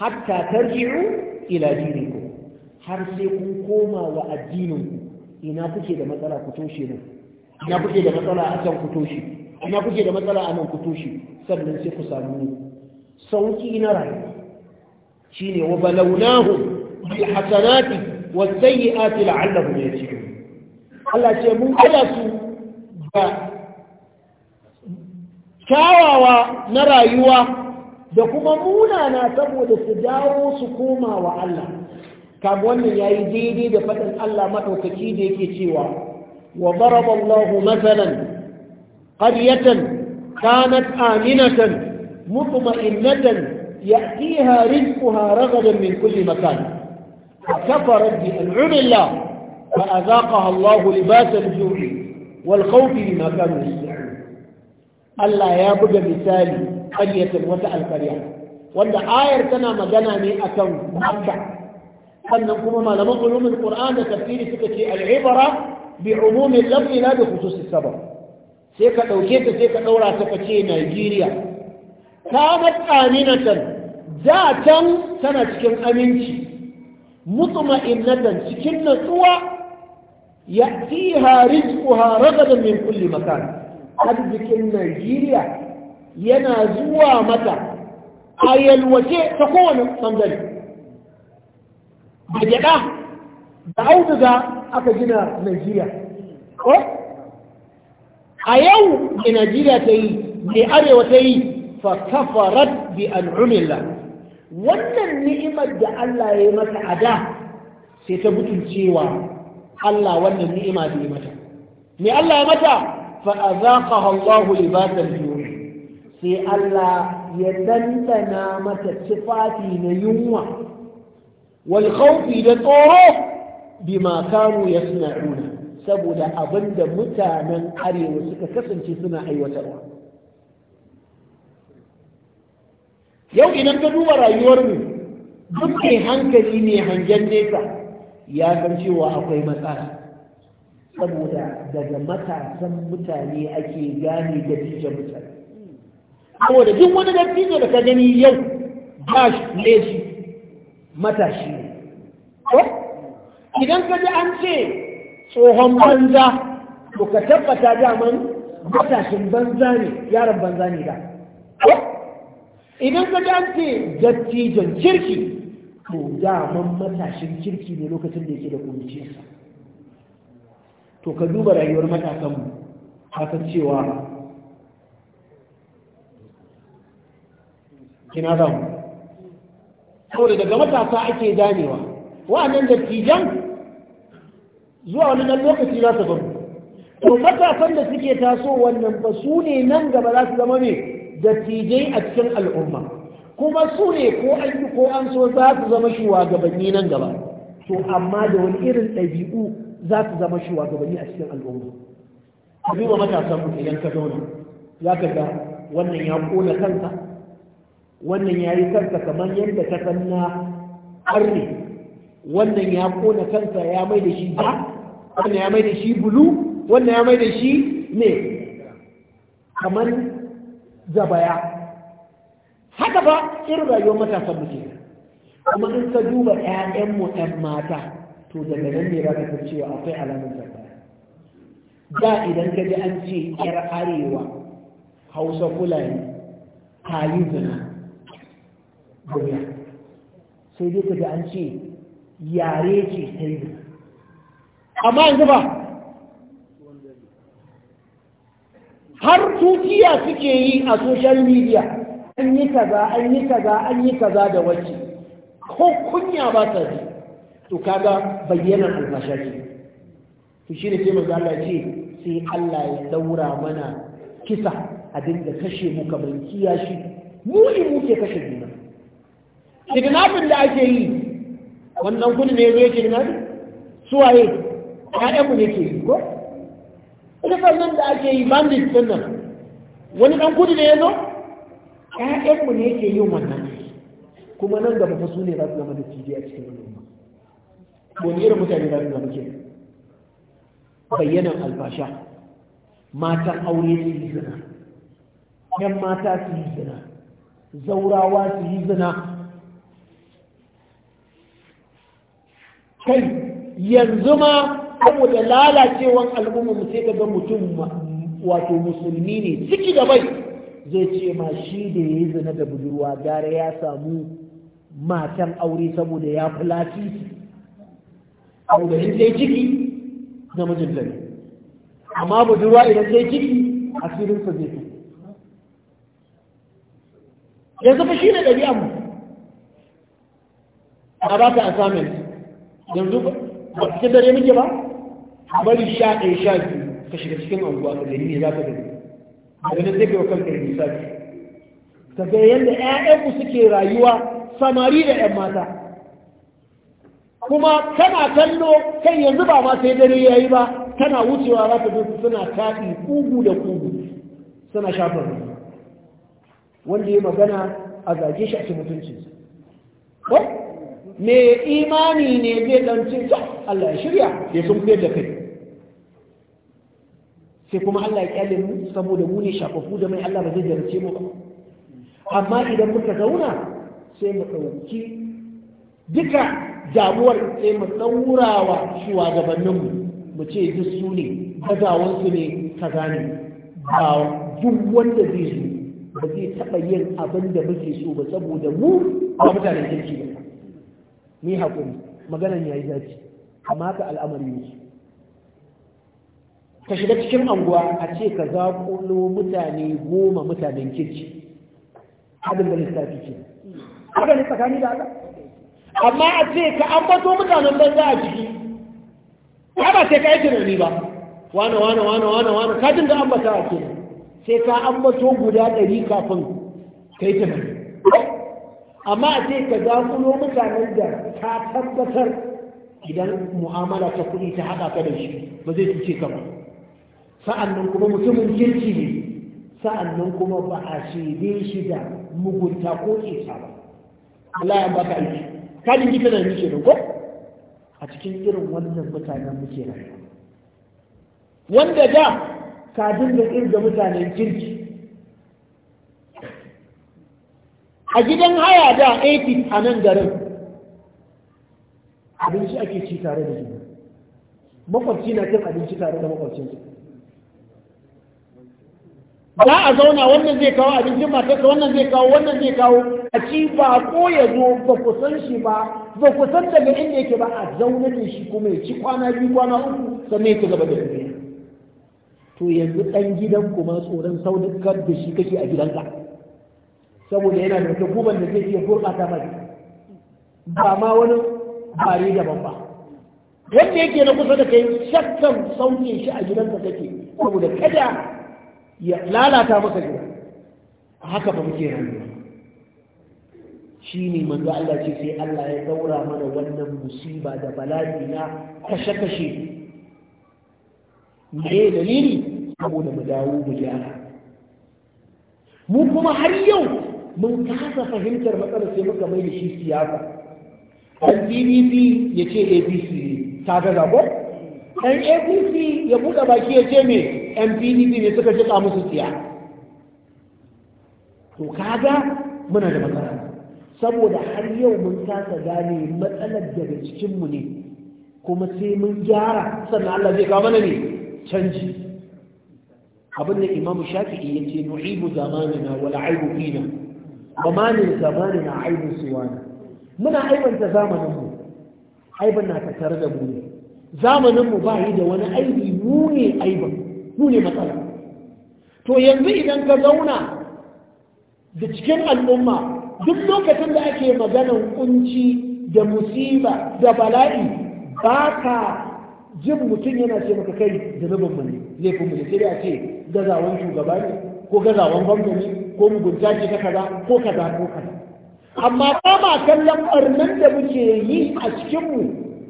hatta tarji'u ila dinikum har sai kun koma wa addinin ina kuke da matsala ku toshe nan ina kuke da matsala a can ku toshe ina kuke da matsala a nan ku toshe sannan sai ku samu ni. sauki na rayuwa shine wa balawnahu bil hasanati was sayyiati la'allahum yarji'un Allah ce mun kula su da kyawawa na rayuwa da kuma Muna na saboda su dawo su koma wa Allah kaga wannan yayi daidai da fadin Allah madaukaki da yake cewa wa daraba Allahu mathalan qaryatan kanat aminatan mutma'innatan ya'tiha rizquha ragadan min kulli makan kafarat bi an'ami Allah fa azaqaha Allahu libas al-ju'i wal khawf bima kanu yas'alun Allah ya buga misali qaryatan wata al-qarya wanda ayar tana magana ne akan makkah sannan kuma malaman ulumin qur'an da tafsiri suka ce Alibara, ibra bi umumin lafzi la bi khususis sabab sai ka dauke ta sai ka daura ta kace Najeriya kanat aminatan da can tana cikin aminci mutma'innatan cikin natsuwa ya'tiha rizquha ragadan min kulli makan arzikin Najeriya yana zuwa mata a yalwace ta kowane bangare da gyaɗa da auduga aka gina najeriya ko a yau da najeriya ta yi mai arewa ta yi fa kafarat bi al'umillah wannan ni'imar da Allah ya yi mata a da sai ta butulcewa Allah wannan ni'ima da ya mata me Allah ya mata fa azaqaha Allahu libasal jur sai Allah ya dandana mata tufafi na yunwa wal da tsoro ya suna nuna saboda abinda mutanen arewa suka kasance suna aiwatarwa yau idan ka duba rayuwarmu duk mai hankali ne hangen nesa ya san cewa akwai matsala saboda daga matasan mutane ake gane dattijan mutane saboda duk wani dattijo da ka gani yau ba shi shi matashi ko idan ka ji an ce tsohon banza to ka tabbata daman matashin banza ne yaron banza ne da idan ka ji an ce dattijon kirki to daman matashin kirki ne lokacin da yake da kuruciyarsa to ka duba rayuwar matakanmu, haka cewa kina zama saboda daga matasa ake danewa wa'annan dattijan zuwa wani nan lokaci za su baro to matasan da suke taso wannan ba su ne nan gaba za su zama ne dattijai a cikin al'umma kuma su ne ko an yi ko an so za su zama shugabanni nan gaba to amma da wani irin ɗabi'u za su zama shugabanni a cikin al'umma ka duba matasan mu idan ka zauna za ka ga wannan ya kona kansa wannan ya yi kansa kamar yadda ta san na arne wannan ya kona kansa ya mai da shi ba wannan ya mai da shi bulu wannan ya mai da shi ne kamar zabaya haka ba irin rayuwar matasan muke kuma in ka duba 'ya'yanmu 'yan mata to daga nan ne za ka san cewa akwai alamun zabaya da idan ka ji an ce 'yar arewa hausa fulani kayi zina duniya sai dai kaga an ce yare ce ta yi amma yanzu ba har tukiya suke yi a social media an yi kaza an yi kaza an yi kaza da wacce ko kunya ba ta ji to kaga bayyanar alfasha ce shi ne sai manzo Allah ce sai Allah ya daura mana kisa a dinga kashe mu kamar kiyashi mu muke kashe juna kidnapping da ake yi wannan kudi ne zai kidnapping suwaye ƴaƴanmu ne ke yi ko ilifan nan da ake yi bandit din nan wani ɗan kudi ne ya zo ƴaƴanmu ne ke yi wannan kuma nan gaba fa su ne za su zama da tije a cikin al'umma wani irin mutane za su zama ke bayyana albasha matan aure su yi zina ƴan mata su yi zina zaurawa su yi zina kai yanzu ma saboda lalacewan al'umma sai ga mutum wato musulmi ne ciki da bai zai ce ma shi da ya yi zina da budurwa gara ya samu matan aure saboda ya fi lafiya saboda in zai ciki na mijin amma budurwa idan zai ciki a sa zai fi yanzu fa shi ne ɗabi'a mu a ba ta assignment yanzu ba cikin dare muke ba bari sha ɗaya sha biyu ka shiga cikin anguwa ka gani ne za ka gani A ganin zai kai wa kan da misali ka ga yadda ƴaƴanku suke rayuwa samari da ƴan mata kuma kana kallo kan yanzu ba ma sai dare yayi ba tana wucewa za ka zo suna taɗi kugu da kugu suna shafar wanda ya magana a zage shi a cikin mutuncinsa mai imani ne zai dan ce Allah ya shirya ya sun fiye da kai sai kuma Allah ya kyale mu saboda mu ne shafafu da mai Allah ba zai jarce mu ba amma idan muka zauna sai mu ɗauki duka damuwar sai mu ɗaurawa shugabanninmu mu ce duk su ne gazawansu ne ka gane ba duk wanda zai zo ba zai taɓa yin abin da muke so ba saboda mu ba mutanen kirki ba ni haƙuri maganan ya yi zafi amma ka al'amari ne ka shiga cikin anguwa a ce ka zaƙulo mutane goma mutanen kirki abin da lissafi ce haka ne tsakani da haka amma a ce ka ambato mutanen banza a ciki ya ba sai ka yi tunani ba wane wane wane wane wane ka dinga ambata a ke sai ka ambato guda ɗari kafin ka yi tunani amma a ce ka zakulo mutanen da ka tabbatar idan mu'amala ta kuɗi ta haɗa ka da shi ba zai cuce ka ba sa'an nan kuma mutumin kirki ne sa'an nan kuma ba a shaide shi da mugunta ko ƙesa ba Allah ya baka aiki ka kika da nike da ko a cikin irin wannan mutanen muke rayuwa wanda da ka dinga irga mutanen kirki a gidan haya da aiki a nan garin abinci ake ci tare da juna makwabci na cin abinci tare da makwabcinsa ba a zauna wannan zai kawo abincin matarsa wannan zai kawo wannan zai kawo a ci ba ko ya zo ba ku san shi ba ba ku san daga inda yake ba a zauna da shi kuma ya ci kwana biyu kwana uku sannan ya ci gaba da duniya to yanzu ɗan gidan kuma tsoron saudukar da shi kake a gidanka saboda yana da guban da zai iya gurɓata mai ba ma wani bare daban ba wanda yake na kusa da kai shakkan sauke shi a gidansa kake saboda kada ya lalata maka gida haka ba muke rayuwa shi ne manzo Allah ce sai Allah ya daura mana wannan musiba da bala'i na kashe-kashe me dalili saboda mu dawo mu gyara mu kuma har yau mun kasa fahimtar matsalar sai muka mai da shi siyasa ɗan pdp ya ce apc ta ga zabo ɗan apc ya buɗe baki ya ce me yan pdp ne suka jika musu siya to kaga muna da matsala saboda har yau mun kasa gane matsalar daga cikinmu ne kuma sai mun gyara sannan Allah zai kawo mana ne canji abin da imamu shafi'i ya ce nu'ibu zamanina wala aibu fina wa ma zamanin na aibin siwana muna aibanta zamaninmu aibin na tattare da mu zamanin zamaninmu ba yi da wani aibi mune ne aibin matsala to yanzu idan ka zauna da cikin al'umma duk lokacin da ake maganan kunci da musiba da bala'i ba ka jin mutum yana ce maka kai da zubin mu ne laifin mu ne ce gazawan shugaba ne ko gazawan gwamnati ko mu ce ta kaza ko kaza ko kaza amma ba ma kallon ɓarnin da muke yi a cikinmu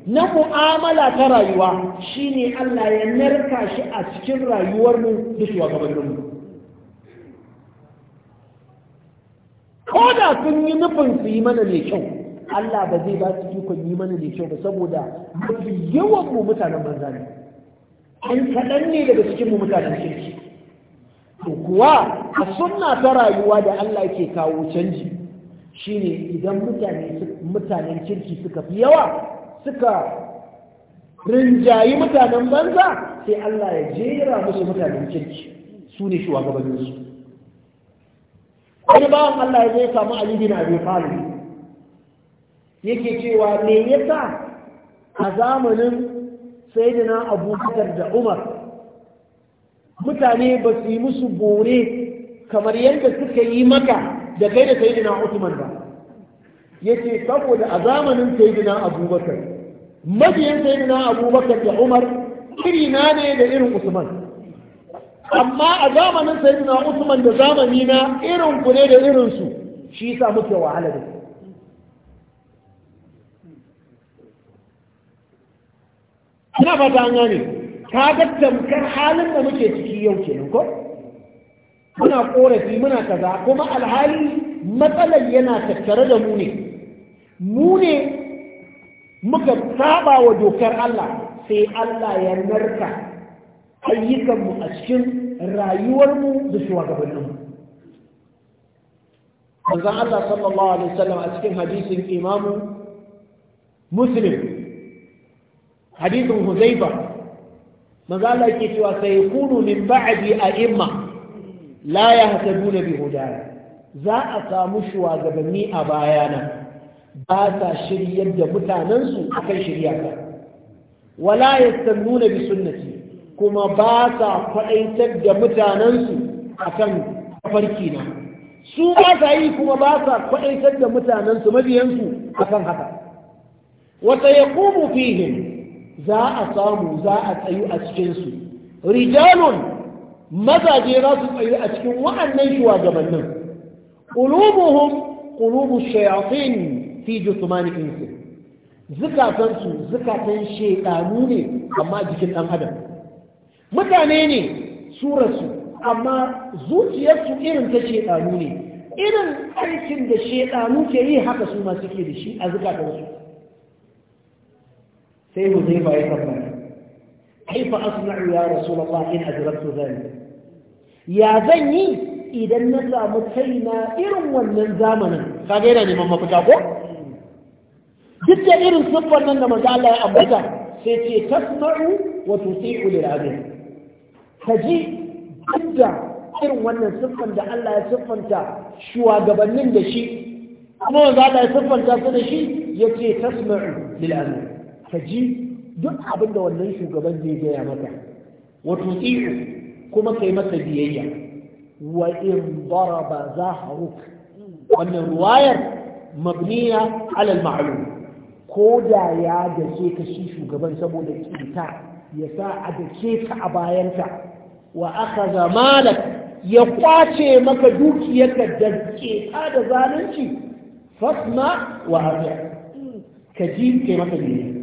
na mu'amala ta rayuwa shine Allah ya narka shi a cikin rayuwarmu da shugabanninmu ko da sun yi nufin su yi mana mai kyau Allah ba zai ba su ikon yi mana mai kyau ba saboda mafi yawan mu mutanen banza ne an kaɗan ne daga cikin mu mutanen kirki to kuwa a sunna ta rayuwa da Allah ke kawo canji shine idan mutane mutanen kirki suka fi yawa suka rinjayi mutanen banza sai Allah ya jera musu mutanen kirki su ne shugabanninsu wani bawan Allah ya zai samu Ali bin Abi Talib yake cewa me yasa a zamanin sayyidina Bakar da Umar mutane ba su yi musu bore kamar yadda suka yi maka da kai da dina Uthman ba yace saboda a zamanin sayyidina Abubakar mabiyan sayyidina Abubakar da Umar iri na ne da irin Usman amma a zamanin dina Usman da zamani na irin ku da irin su shi yasa muke wahala da ina fata an ka ga tamkar halin da muke ciki yau kenan ko muna korafi muna kaza kuma alhali matsalar yana tattare da mu ne mu ne muka saba wa dokar Allah sai Allah ya narka ayyukanmu a cikin rayuwarmu da shugabanninmu manzon Allah sallallahu alaihi wasallam a cikin hadisin imamu muslim hadisin huzaifa manzo Allah yake cewa sayakunu min ba'di a'imma la yahtaduna bi hudaya za a samu shugabanni a bayana ba sa shiryar da mutanensu akan shirya ka wala yastannuna bi sunnati kuma ba sa faɗaitar da mutanensu akan farki na su ba sa yi kuma ba sa faɗaitar da mutanensu mabiyansu akan haka wata yaqumu fihim za a samu za a tsayu a cikinsu rijalun mazaje za su tsayu a cikin wa'annan shugabannin qulubuhum qulubu shayatin fi jusmani insi zukatansu zukatan shedanu ne amma jikin ɗan adam mutane ne surarsu amma zuciyarsu irin ta shedanu ne irin aikin da shedanu ke yi haka su masu ke da shi a zukatansu sai huzaifa ya tabbata kaifa asna'u ya rasulullah in ajrabtu zalik ya zan yi idan na samu kaina irin wannan zamanin kaga yana neman mafita ko duk da irin siffar nan da manzo Allah ya ambata sai ce tasma'u wa tuti'u lil abid kaji duk da irin wannan siffar da Allah ya siffanta shuwagabannin da shi kuma manzo Allah ya siffanta su da shi yace tasma'u lil abid ka ji duk abin da wannan shugaban zai gaya maka Wato tuti'u kuma kai masa biyayya wa in daraba zahruk wannan ruwayar mabniya ala malum ko da ya dace ka shi shugaban saboda kinta ya sa a dace ka a bayanta. wa aka malak ya kwace maka dukiyarka da ke da zalunci fasma wa abi ka ji kai maka biyayya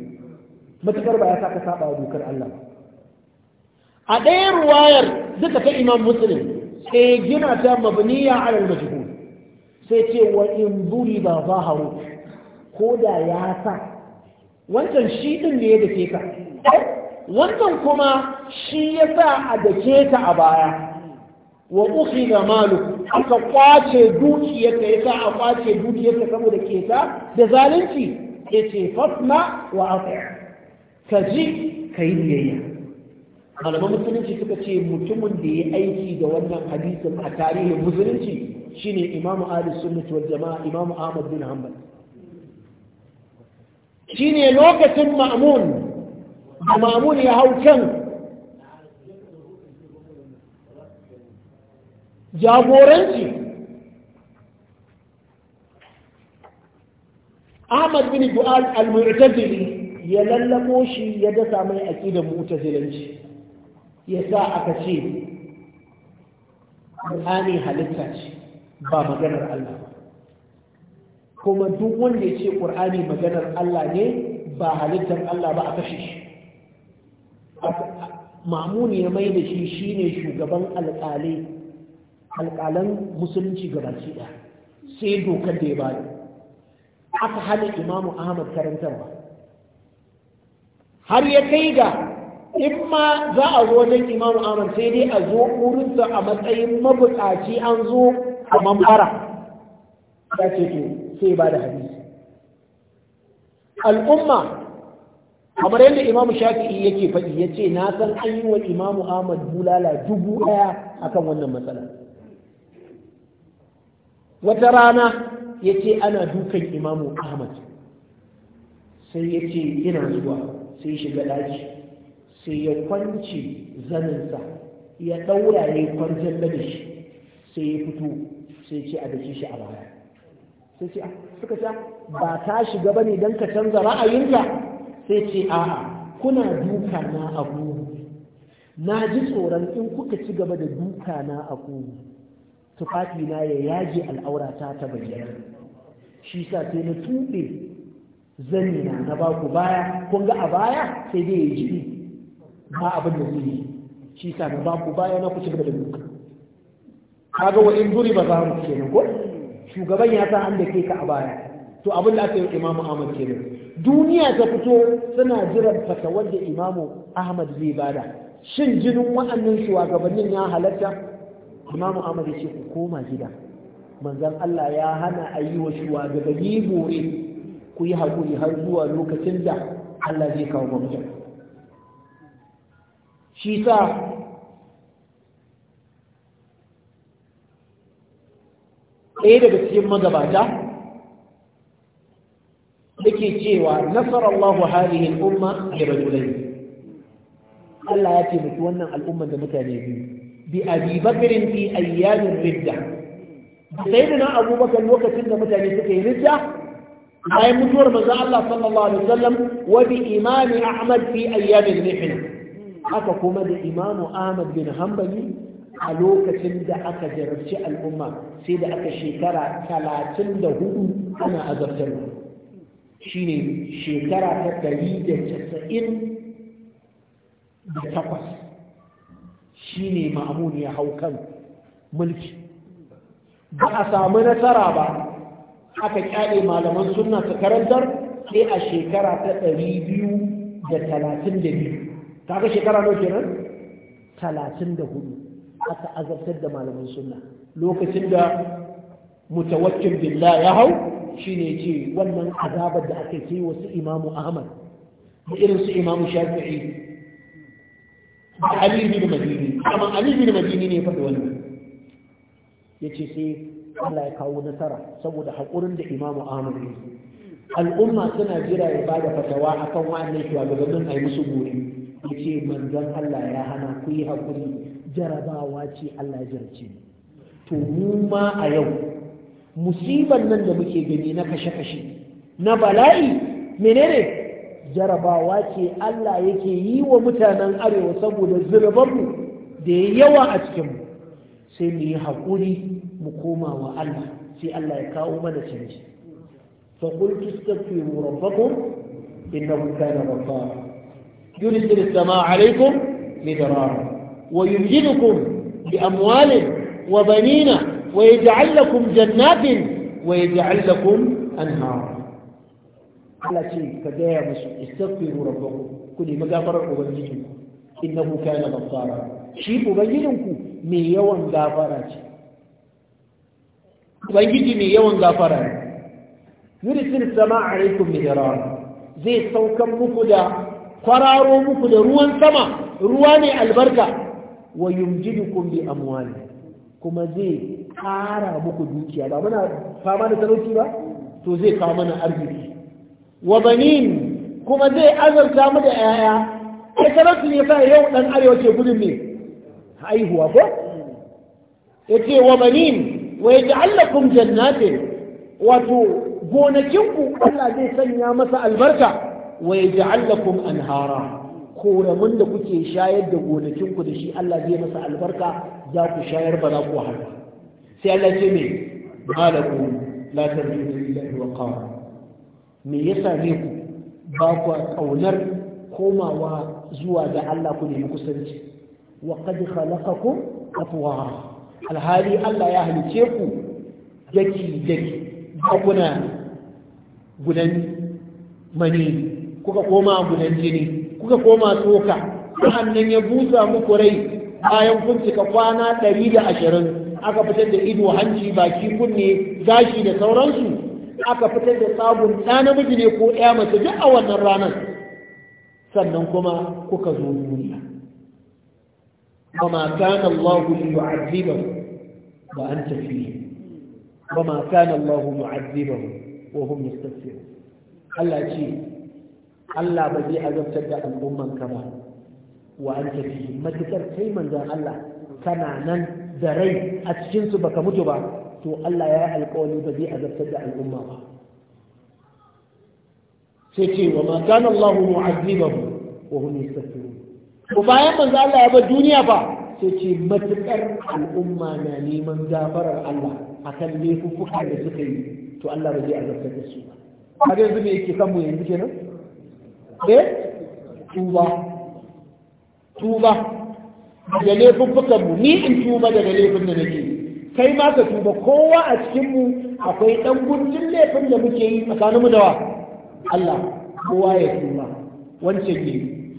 matukar ba ya saka saba wa dokar Allah a ɗaya ruwayar duka ta imam muslim sai gina ta mabniya alal majhul sai ce wa in ba zaharu ko da ya sa wancan shi din ne ya dake ka Wancan kuma shi ya sa a dake ka a baya wa uki da malu aka kwace dukiyarka ya sa a kwace dukiyarka saboda keta da zalunci ya ce wa afiya ka ji ka yi biyayya malaman musulunci suka ce mutumin da ya aiki da wannan hadisin a tarihin musulunci shine imamu ali sunnati wal jama'a imamu ahmad bin hanbal shine lokacin ma'mun da ma'mun ya hau kan jagoranci ahmad bin du'al al-mu'tazili ya lallako shi ya dasa mai aƙidar zilanci. ya sa aka ce ƙur'ani halitta ce ba maganar Allah kuma duk wanda ya ce ƙur'ani maganar Allah ne ba halittar Allah ba a kashe shi mamuni ya mai da shi ne shugaban alƙalai alƙalan musulunci gabaki ɗaya sai dokar da ya bada aka hana imamu ahmad karantarwa har ya kai ga in ma za a zo wajen imamu aman sai dai a zo wurinsa a matsayin mabukaci an zo a mamfara ya ce to sai ba da hadisi al'umma kamar yadda imamu shafi'i yake faɗi ya ce na san an yi wa imamu ahmad bulala dubu ɗaya akan wannan matsala wata rana ya ce ana dukan imamu ahmad sai ya ce yana zuwa sai shiga daji sai ya kwanci zaninsa ya daura ya yi da shi sai ya fito sai ce a shi a baya sai ce ah, suka ce ah, ba ta shiga ba ne don ka canza ra'ayinka sai ce a'a kuna duka na a na ji tsoron in kuka ci gaba da duka na a tufafi na ya yaje al'aurata ta bayyana shi sa sai na tuɗe zanni na na ba ku baya kun ga a baya sai dai ya ji ba abin da zai yi shi sa na ba ku baya na ku ci gaba da duka kaga wa in duri ba za mu kenan ko shugaban ya san an da ke ka a baya to abin da aka yi imamu ahmad ke ne? duniya ta fito suna jiran fata wanda imamu ahmad zai bada shin jinin wa'annan shugabannin ya halatta imamu ahmad ya ce ku koma gida manzon Allah ya hana a yi wa shugabanni bore ku yi haƙuri har zuwa lokacin da Allah zai kawo mafita shi sa ɗaya daga cikin magabata yake cewa nasara Allah halihin umma da rajulai Allah ya ce mutu wannan al'umman da mutane biyu bi abi bakarin fi ayyamin ridda sai da na abubakar lokacin da mutane suka yi ridda ai mutuwar manzo Allah sallallahu alaihi wasallam wa bi imam Ahmad fi ayyam mihna haka kuma da imamu Ahmad bin Hanbali a lokacin da aka jarabci al'umma sai da aka shekara talatin da hudu ana azabtar shi ne shekara ta dari da casa'in da takwas shine ma'amun ya hau kan mulki ba a samu nasara ba aka kyale malaman sunna su karantar sai a shekara ta ɗari biyu da talatin da biyu kaga shekara nawa kenan talatin da hudu aka azabtar da malaman sunna lokacin da mutawakkil billah ya hau shine ce wannan azabar da aka yi wasu imamu ahmad da irin su imamu shafi'i da ali bin madini Kama ali bin madini ne faɗi wannan yace sai Allah ya kawo nasara saboda haƙurin da imamu Ahmad ya al'umma suna jira ya bada fatawa akan wa'annan shugabannin a yi musu gori yace manzon Allah ya hana ku yi haƙuri jarabawa ce Allah ya jarce to mu ma a yau musiban nan da muke gani na kashe-kashe na bala'i menene jarabawa ce Allah yake yi wa mutanen arewa saboda zurbanmu da ya yawa a cikinmu sai mu yi haƙuri mu koma wa Allah sai Allah ya kawo mana canji fa qul tastaghfiru rabbakum innahu kana ghaffara yursil as-samaa'a 'alaykum midrara wa yumjidukum bi amwalin wa banina wa yaj'al lakum jannatin wa yaj'al lakum anhara Allah ce ka gaya musu istaghfiru rabbakum ku nemi gafarar ubangijinku innahu kana ghaffara shi ubangijinku mai yawan gafara ce ubangiji mai yawan gafara yurisil sama alaikum mihrar zai saukan muku da kwararo muku da ruwan sama ruwa ne albarka wa yumjidukum bi amwali kuma zai kara muku dukiya ba muna fama da talauci ba to zai kawo mana arziki wa banin kuma zai azarta mu da yaya ai talauci ne sa yau dan arewa ce gudun ne haihuwa ko yace wa banin wa yaj'alakum jannatin wato gonakinku Allah zai sanya masa albarka wa yaj'alakum anhara koramin da kuke shayar da gonakinku da shi Allah zai masa albarka za ku shayar ba za ku wahala sai Allah ce me malaku la tarjuna lillahi wa qara me yasa ne ku ba ku kaunar komawa zuwa ga Allah ku nemi kusanci wa qad khalaqakum afwara alhali Allah ya halice ku daki daki ba kuna gudan mani kuka koma gudan jini kuka koma tsoka sannan ya busa muku rai bayan kun cika kwana ɗari da ashirin aka fitar da ido hanci baki kunne gashi da sauransu aka fitar da sabon ɗa namiji ne ko ɗaya mace duk a wannan ranar sannan kuma kuka zo duniya وما كان الله ليعذبهم وأنت فيهم وما كان الله معذبهم وهم يستغفرون Allah ce Allah ba azabtar da al'umman ka ba wa an tafi matukar kai manzan Allah kana nan da rai a cikinsu su baka mutu ba to Allah ya yi alƙawari ba zai azabtar da al'umma ba ce ko bayan manzo Allah ya bar duniya ba sai ce matukar al'umma na neman gafarar Allah akan laifuffuka da suka yi to Allah ba zai azabta da su ba har yanzu me yake kan mu yanzu kenan eh tuba tuba da laifuffukan mu ni in tuba daga laifin da nake kai ma ka tuba kowa a cikin mu akwai dan gudun laifin da muke yi tsakaninmu mu da wa Allah kowa ya tuba wancan ne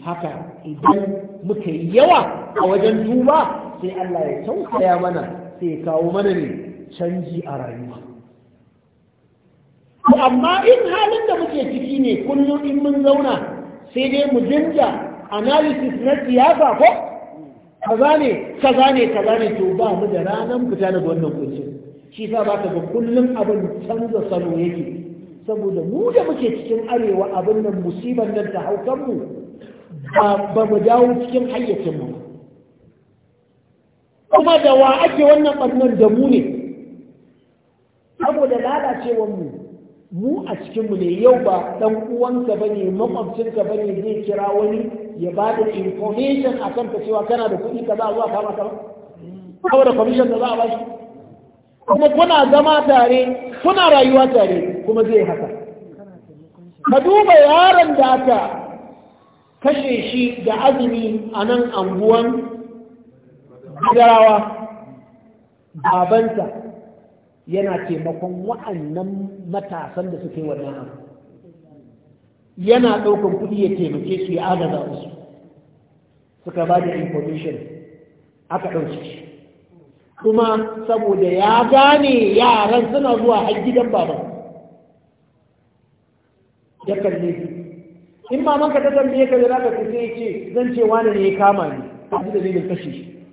haka idan muka yi yawa a wajen duba sai Allah ya tausaya mana sai ya kawo mana ne canji a rayuwa amma in halin da muke ciki ne kullum in mun zauna sai dai mu dinga analysis na siyasa ko kaza ne kaza ne kaza ne to ba mu da ranar fita daga wannan kunci. shi sa ba ta ga kullum abin canza salo yake saboda mu da muke cikin arewa abin nan musibar nan ta hau ba mu dawo cikin mu. kuma da wa ake wannan ɓarnar da mu ne saboda lalacewarmu mu a cikinmu ne yau ba ɗan uwanka ba ne makwabcinka ba ne zai kira wani ya ba da information a kan cewa kana da kuɗi ka za a zuwa kama ka saboda commission da za a ba shi kuma kuna zama tare kuna rayuwa tare kuma zai haka ka duba yaron da aka kashe shi da azumi a nan anguwan gudarawa babanta yana taimakon wa'annan matasan da suke wannan abu yana ɗaukar kuɗi ya taimake su ya agaza musu suka ba da information aka ɗauki shi kuma saboda ya gane yaran suna zuwa har gidan baban ya kalli in mamanka ka ta tambaye ka da zaka sai ya ce zan ce wani ne ya kama ni ka ji dalilin kashe shi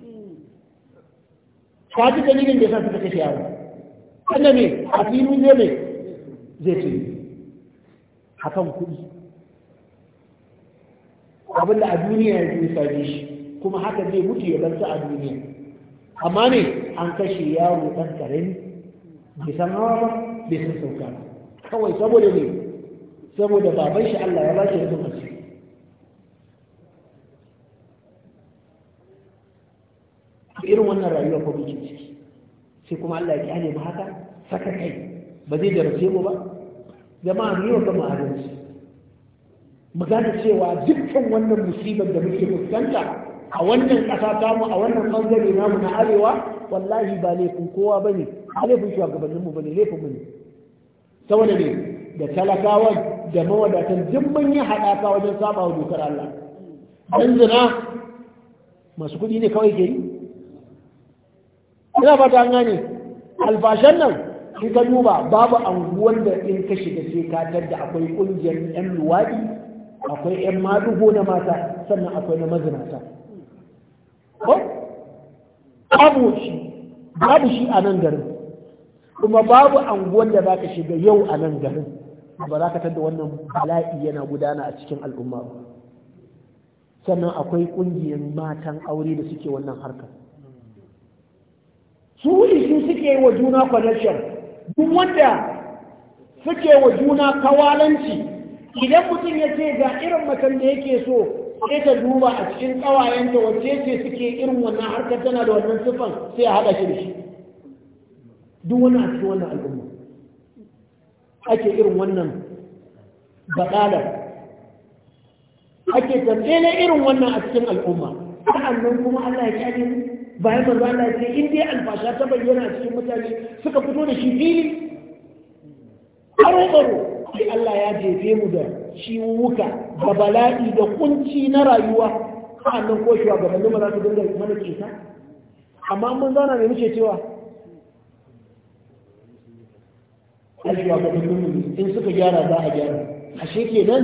ka ji dalilin da yasa suka kashe yaro sannan me a filin zai ne zai ce hakan kuɗi abin da a duniya ya zai same shi kuma haka zai mutu ya bar a duniya amma ne an kashe yaro ɗan ƙarami bai san hawa ba bai san sauka kawai saboda ne saboda baban shi Allah ya ba shi rufin asiri irin wannan rayuwa ko muke ciki sai kuma Allah ya kyale mu haka saka kai ba zai darace mu ba jama'a mu wa kama adalci mu gane cewa dukkan wannan musibar da muke fuskanta a wannan ƙasa tamu a wannan ɓangare namu na arewa wallahi ba laifin kowa ba ne laifin shugabanninmu ba ne laifin mu ne saboda ne da talakawan da mawadatan duk mun yi haɗaka wajen saba wa dokar Allah dan zina masu kuɗi ne kawai ke yi ina fata an gane alfashan nan in ka duba babu anguwar da in ka shiga sai ka tadda akwai ƙungiyar 'yan luwaɗi akwai 'yan madugo na mata sannan akwai na mazinata ko babu shi babu shi a nan garin kuma babu anguwar da za ka shiga yau a nan garin ba za ka tada wannan bala'i yana gudana a cikin al'umma ba sannan akwai ƙungiyar matan aure da suke wannan harkar su su suke wa juna connection duk wanda suke wa juna kawalanci idan mutum ya ce ga irin matan da yake so sai ta duba a cikin da wace ce suke irin wannan harkar tana da wannan siffan sai a haɗa shi da shi duk wani a cikin wannan al'umma ake irin wannan baɗalar ake tambaye na irin wannan a cikin al'umma sa'annan kuma Allah ya kyale bayan manzo Allah ya ce in dai alfasha ta bayyana a cikin mutane suka fito da shi fili aro baro sai Allah ya jefe mu da ciwuka da bala'i da kunci na rayuwa sa'annan ko shi ba za su dinga mana amma mun zauna ne muke cewa na shugabannin mu in suka gyara za a gyara ashe kenan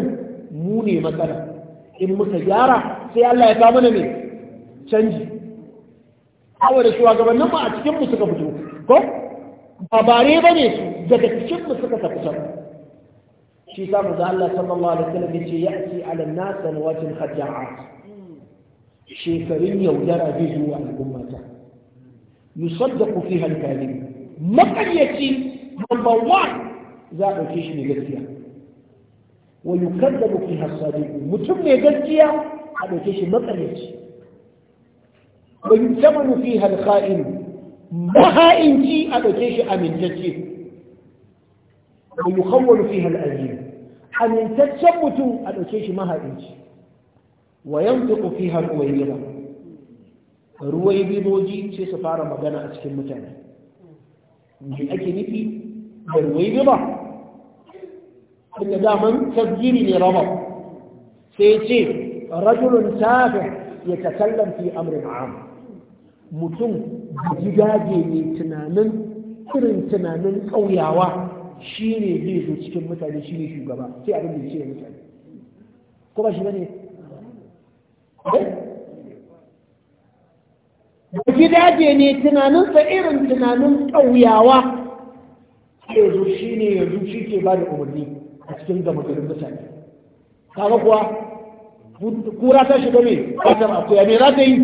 mu ne matsala in muka gyara sai Allah ya kawo mana ne canji saboda shugabannin mu a cikin mu suka fito ko ba bare bane su daga cikin mu suka fito shi sa mu da Allah sallallahu alaihi wasallam yace ya'ti 'ala an-nas sanawatun khadja'at shekarun yaudara zai zuwa al'ummata yusaddaqu fiha al-kalim yace. number one za a ɗauke shi ne gaskiya wa yukallabu fi hasadi mutum ne gaskiya a ɗauke shi matsalaci wa yutamanu fi halqa'in maha'inci a ɗauke shi amintacce wa yukhawwalu fi hal'azim amintaccen mutum a ɗauke shi maha'inci wa yantiqu fi hal'uwayyira ruwai bidoji sai su fara magana a cikin mutane me ake nufi bai riba inda daman tasgiri ne raba sai ce rajulun tafi ya takallan fi amurin am mutum gidaje ne tunanin irin tunanin ƙauyawa shi ne zai zo cikin mutane shi ne shugaba sai abin da ce da mutane ko ba shi ba ne eh? gidaje ne tunanin sa irin tunanin ƙauyawa ke zo shi ne yanzu shi ke ba da umarni a cikin gama garin mutane kama kuwa kura ta shiga ne ba ta akuya ne za ta yi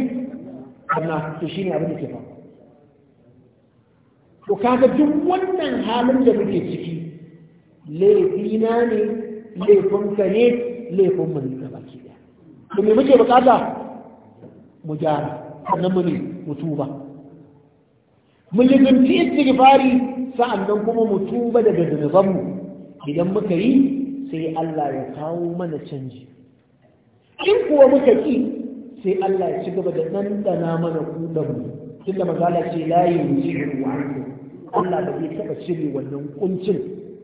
amma to shi ne abin da ke fa to kaga duk wannan halin da muke ciki laifina ne ka ne laifin mu ne ga baki daya to me muke bukata mu gyara sannan mu ne mu tuba mu lizinci istighfari sa'annan kuma mu tuba daga zunubanmu idan muka yi sai Allah ya kawo mana canji in kuwa muka ki sai Allah ya ci gaba da ɗanɗana mana kudanmu tunda magana ce layi yuzi'u anhu Allah ba zai taɓa cire wannan ƙuncin,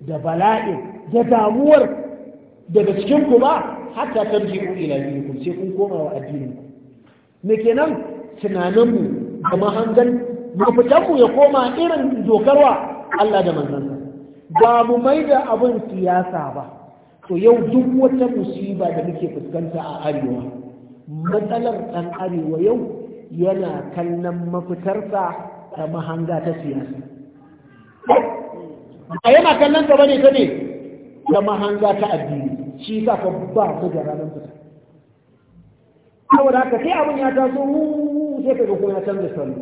da bala'in da damuwar daga cikin ku ba hatta tarji'u ila dinikum sai kun koma wa addinin ku me kenan tunaninmu da mahangan mafitanmu ya koma irin dokarwa Allah da manzansa ba mu mai da abin siyasa ba to yau duk wata musiba da muke fuskanta a arewa matsalar ɗan arewa yau yana kallon mafitarsa ta mahanga ta siyasa a yana kallon ta bane ta ne ta mahanga ta addini shi ka ba su da ranar fita saboda haka sai abin ya taso mu sai ka ga kuma ya canza salo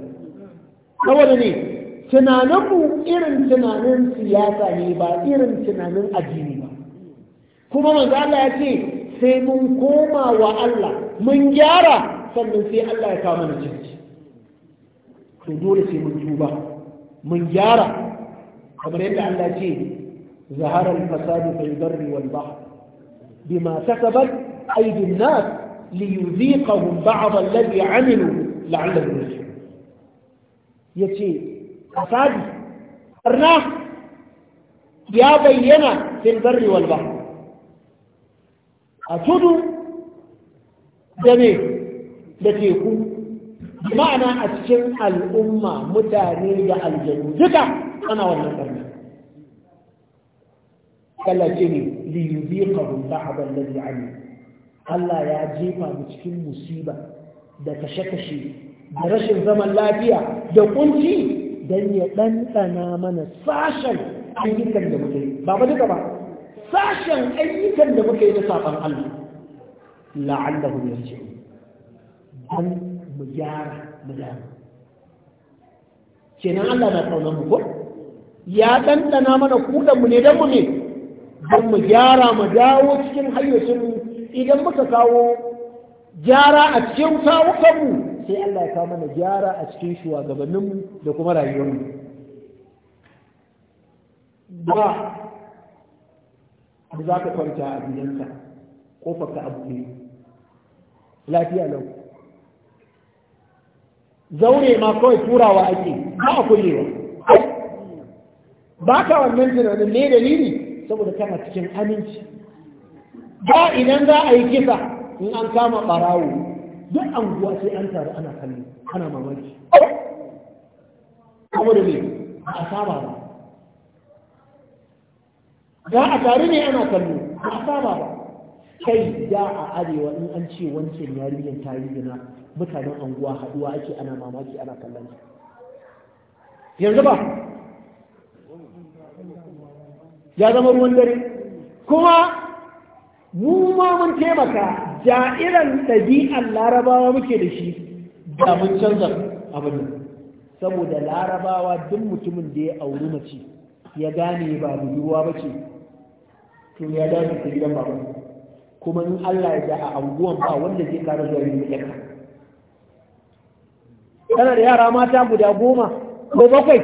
saboda ne tunaninmu irin tunanin siyasa ne ba irin tunanin addini ba kuma manzo ya ce sai mun koma wa Allah mun gyara sannan sai Allah ya kama mana canji to dole sai mun tuba mun gyara kamar yadda Allah ce zahara al-fasad fil barri wal bahr bima kasabat aydin nas liyuziqahum ba'd alladhi 'amilu la'allahum Ya yace fasadi barna ya bayyana fil barri wal a tudu da ne da teku ma'ana a cikin al'umma mutane da aljanu duka ana wannan barna kala ce ne liyuziqahum ba'd alladhi 'amil Allah ya jefa mu cikin musiba da kashe-kashe da rashin zaman lafiya da ƙunci. dan ya ɗanɗana mana sashen ayyukan da muka yi ba ba duka ba sashen ayyukan da muka yi na saban Allah la'allahu ce dan mu gyara mu dama kenan Allah na kaunar mu ko ya ɗanɗana mana kuɗan mu ne don mu ne dan mu gyara mu dawo cikin hayyacin idan muka kawo gyara a cikin kawukan mu sai Allah ya kawo mana gyara a cikin shugabanninmu da kuma rayuwarmu ba za ka kwanta a gidanka kofarka a buɗe, lafiya lau zaure ma kawai turawa ake ba a kullewa ba ka wannan tunanin ne dalili saboda kana cikin aminci ba idan za a yi kisa in an kama ɓarawo, duk anguwa sai an taru ana kalli ana mamaki saboda da ne a saba ba za a taru ne ana kalli a saba ba kai da a arewa in an ce wancan yarinyar ta yi gina mutanen anguwa haduwa ake ana mamaki ana kallon yanzu ba ya zama ruwan dare kuma mu ma mun taimaka da'iran ɗabi'an larabawa muke da shi da mun canza abin nan saboda larabawa duk mutumin da ya auri mace ya gane ba budurwa ba ce to ya dace ta gidan ba kuma in Allah ya a anguwan ba wanda zai kara zuwa yin yaka tana da yara mata guda goma ko bakwai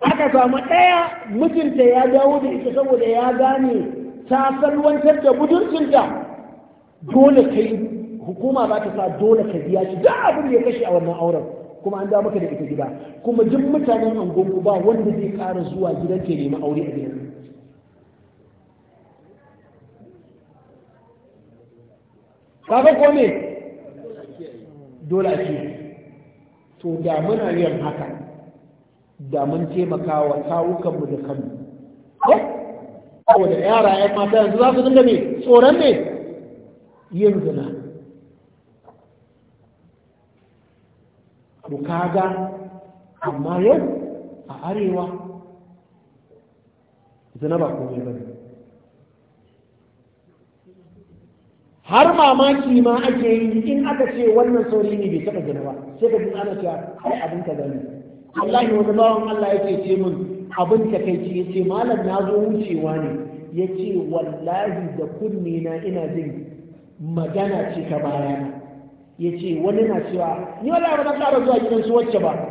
aka samu ɗaya mijinta ya dawo da ita saboda ya gane ta salwantar da budurcinta dole kai hukuma ba ta sa dole ka biya shi duk abin da ya kashe a wannan auren kuma an dawo maka da ita gida kuma duk mutanen angonku ba wanda zai kara zuwa gidan ke nemi aure a gidan kaga ko me dole a ce to da muna yin haka da mun taimaka wa kawukanmu da kanmu ko da yara 'yan mata yanzu za su dinga ne tsoron ne yin zina to kaga amma yau a arewa zina ba komai ba har mamaki ma ake yi in aka ce wannan sauri ne bai taɓa zina ba sai ka zina ana cewa ai abin ka gani wallahi wani bawan Allah ya ce ce min abin takaici ya ce malam na zo wucewa ne ya ce wallahi da kunne na ina jin magana ce ta baya ya ce wani na cewa ni wani abu na kara zuwa gidan su wacce ba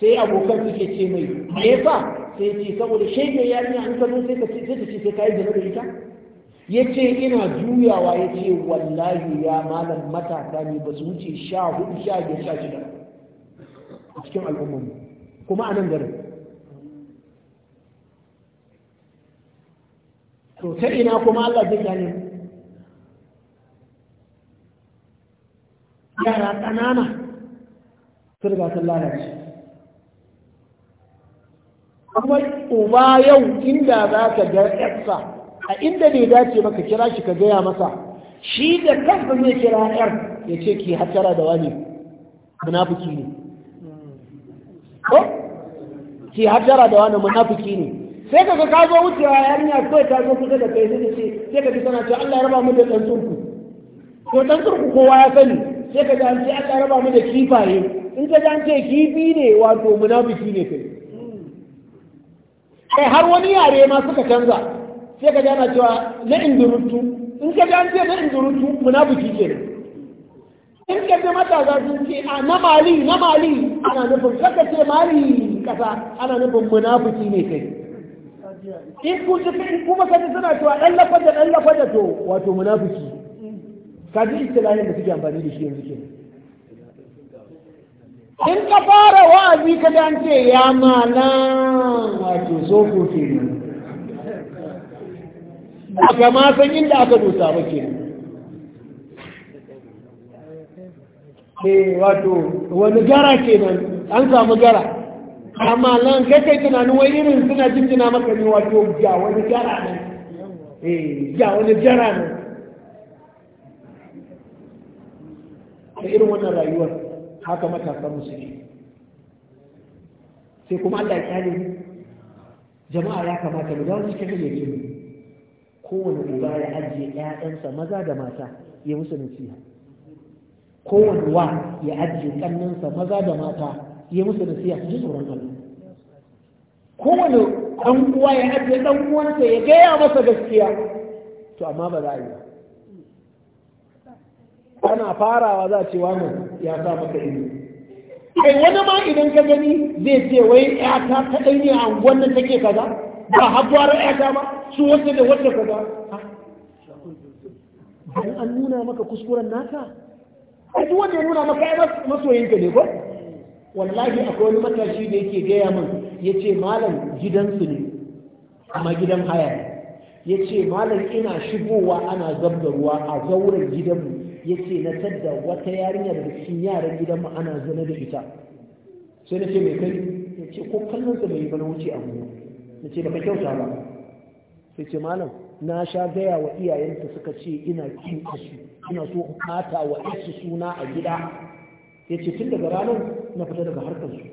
sai abokan suke ce mai me yasa sai ce saboda shege ya ne an kano sai ka ce sai ka ce sai ka yi da ita ya ce ina juyawa ya ce wallahi ya malam matasa ne ba su wuce sha hudu sha biyar sha shida a cikin al'ummar kuma a nan garin to ta ina kuma Allah zai gane yara ƙanana sun riga sun lalace kuma uba yau inda za ka ga yarsa a inda ne dace maka kira shi ka gaya masa shi da kansa zai kira yar ya ce ki hatara da wani munafiki ne ko ki hatara da wani munafiki ne sai ka ka zo wucewa yarinya kawai ta zo kusa da kai sai ce sai ka ji sana ce Allah ya raba mu da dan turku to dan turku kowa ya sani sai ka an ce aka raba mu da kifaye in ka an ce kifi ne wato munafiki ne kai kai har wani yare ma suka canza sai ka ana cewa na indurutu in ka an ce na indurutu munafiki ke in ka ji matasa sun ce a na mali na mali ana nufin kaka ce mali kasa ana nufin munafiki ne kai in ku kuma kaji suna cewa ɗan lafa ɗan lafa to wato munafiki ka ji istilahin da suke amfani da shi yanzu ke in ka fara wa'azi ka an ce ya malam wato so ko ke aka ma san inda aka dosa ba ke eh wato wani gara kenan an samu gara amma nan kai kai tunanin wai irin suna jinjina maka ne wato ga wani gara ne eh ga wani gara ne ta irin wannan rayuwar haka matasan musulmi sai kuma Allah ya kyale jama'a ya kamata mu dawo cikin yake mu kowane uba ya ajiye ƴaƴansa maza da mata ya musu nasiha kowane wa ya ajiye ƙannansa maza da mata ya musu nasiha su ji tsoron Allah kowane ɗan uwa ya ajiye ɗan uwansa ya gaya masa gaskiya to amma ba za a yi ba ana farawa za a ce ya sa maka ilimi kai wani ma idan ka gani zai ce wai yata ta ɗai ne a unguwan take kaza ba habuwar yata ba su wanda da wanda kaza dan an nuna maka kuskuren naka a duk wanda ya nuna maka ya masoyinka ne ko wallahi akwai wani matashi da yake gaya min ya ce malam gidansu ne amma gidan haya ya ce malam ina shigowa ana zabda ruwa a zauren gidanmu yace na tadda wata yarinya da cikin yaran gidanmu ana zana da ita sai na ce mai kai ya ce ko kallon sa mai bana wuce a gudu na ce baka kyauta ba sai ce malam na sha gaya wa iyayenta suka ce ina kin su ina so in kata wa su suna a gida ya ce tun daga ranar na fita daga harkar su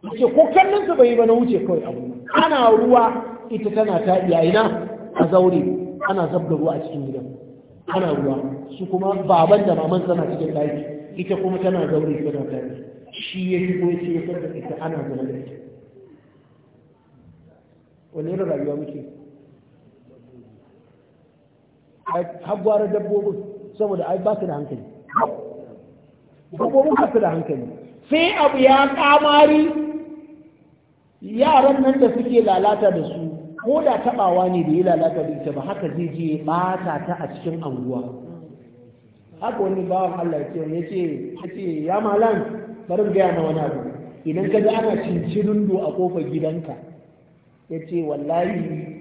ya ce ko kallon sa bai bana wuce kawai gudu ana ruwa ita tana ta iyayena a zaure ana zabda ruwa a cikin gidan ana ruwa su kuma baban da maman tana cikin daki ita kuma tana zaure tana daki shi ya shigo ya ce ya da ita ana zama da ita wani irin rayuwa muke har gwara dabbobin saboda ai ba su da hankali dabbobin ba su da hankali sai abu ya kamari yaran nan da suke lalata da su ko da tabawa ne da ya lalata da ita ba haka zai je ɓata ta a cikin anguwa haka wani bawan Allah ya ce ya ce ya ya malam bari gaya yana wani abu idan ka ji ana cincirin do a kofar gidanka ya ce wallahi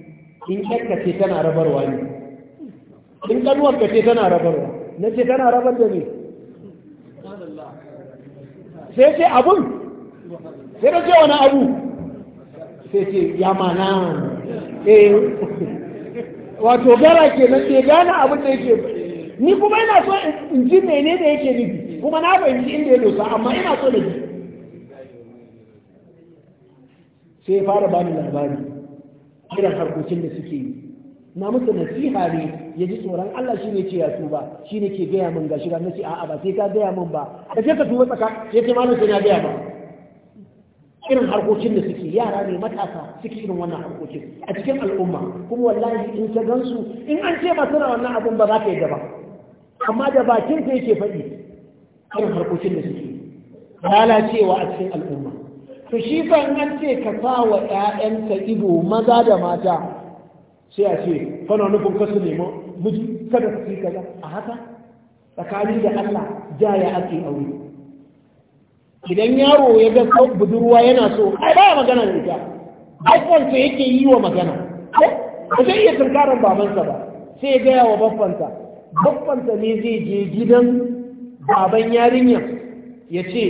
in ƙarka ce tana rabarwa ne in ƙanuwar ka ce tana rabarwa na ce tana rabar da ne sai ce abun sai da ce wani abu sai ce ya mana Eh. wato gara ke nan ke gane abin da yake ni kuma ina so in ji mene da yake nufi kuma na fahimci inda ya dosa amma ina so da ji sai ya fara bani labari irin harkokin da suke yi na musu nasiha ne ya ji tsoron Allah shi ne ce ya tuba shi ne ke gaya min gashi na ce a'a ba sai ka gaya min ba da sai ka tuba tsaka sai ce malam sai na gaya ba irin harkokin da suke yara ne matasa suke irin wannan harkokin a cikin al'umma kuma wallahi in ka gansu in an ce ba suna wannan abun ba za ka yi amma da bakin ka yake faɗi irin harkokin da suke lalacewa a cikin al'umma to shi fa in an ce ka sa wa ƴaƴanka ido maza da mata sai a ce kana nufin ka su nemi miji kada su yi kaza a haka tsakani da Allah jaya ake aure idan yaro ya ga budurwa yana so ai baya magana da ita babbansa yake yi wa magana eh? ba zai iya tunkarar babansa ba sai ya gaya wa babbansa babbansa ne zai je gidan baban yarinyar ya ce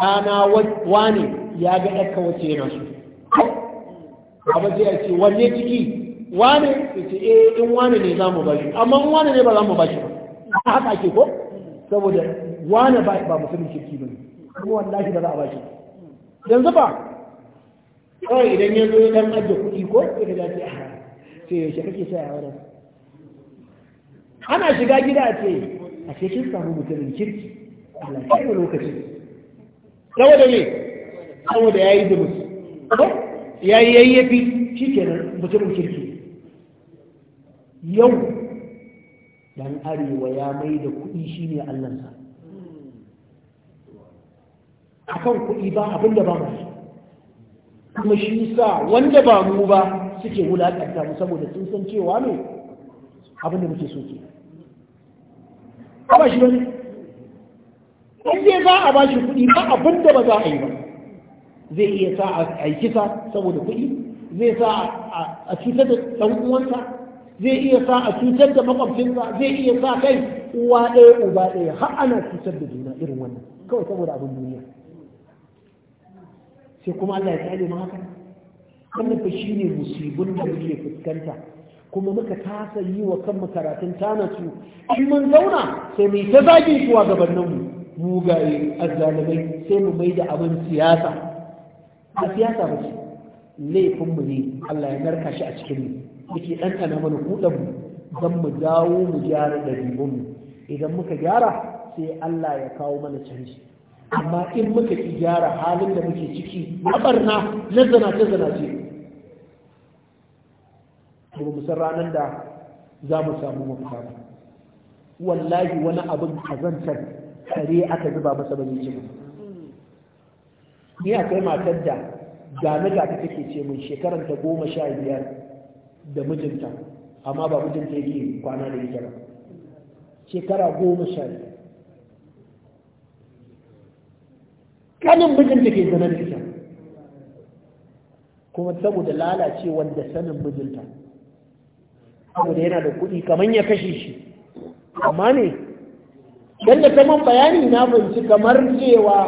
ɗana wani ya ga ɗaka wace yana so eh? baba zai ya ce wanne ciki wani ya ce eh in wani ne za mu bashi amma in wani ne ba za mu bashi ba haka ake ko saboda wani ba musulun kirki ba ne kuma wallahi da za a bashi yanzu ba kawai idan ya zo ya ajiye kuɗi ko ya sai ka dace sai yaushe kake saya a wurin ana shiga gida a ce a ce kin samu mutumin kirki a ya kai lokaci saboda ne saboda yayi da musu Ya yi yayyafi shikenan mutumin kirki yau dan arewa ya mai da kuɗi shine Allahnsa Akan kuɗi ba abin da ba mu kuma shi sa wanda ba mu ba suke wulaƙanta mu saboda sun san cewa ne abin da muke so ke ba shi ba ne in dai za a ba shi kuɗi ba abin da ba za a yi ba zai iya sa a yi kisa saboda kuɗi zai sa a cutar da ɗan uwansa zai iya sa a cutar da makwabcinsa zai iya sa kai uwa ɗaya uba ɗaya har ana cutar da juna irin wannan kawai saboda abin duniya sai kuma Allah ya kyale mu haka wannan fa shine musibin da muke fuskanta kuma muka tasa yi wa kanmu karatun tanatu in mun zauna sai mu ta zagi kuwa gabanin mu Mu ga azzalimai sai mu mai da abin siyasa a siyasa ba ce laifin mu ne Allah ya narka shi a cikin mu yake ɗanɗana mana kuɗan mu dan mu dawo mu gyara da mu idan muka gyara sai Allah ya kawo mana canji amma in muka ki gyara halin da muke ciki na barna na zanace zanace ba mu san ranar da za mu samu mafita ba wallahi wani abin kazantar kare aka zuba masa bane ci ni akwai matar da gane ga ta take ce mun shekarar ta goma sha biyar da mijinta amma ba mijinta yake kwana da yi ba shekara goma sha biyar kanin mijinta ke zanen da ita kuma saboda lalace wanda sanin mijinta saboda yana da kuɗi kamar ya kashe shi amma ne don da saman bayani na binci kamar cewa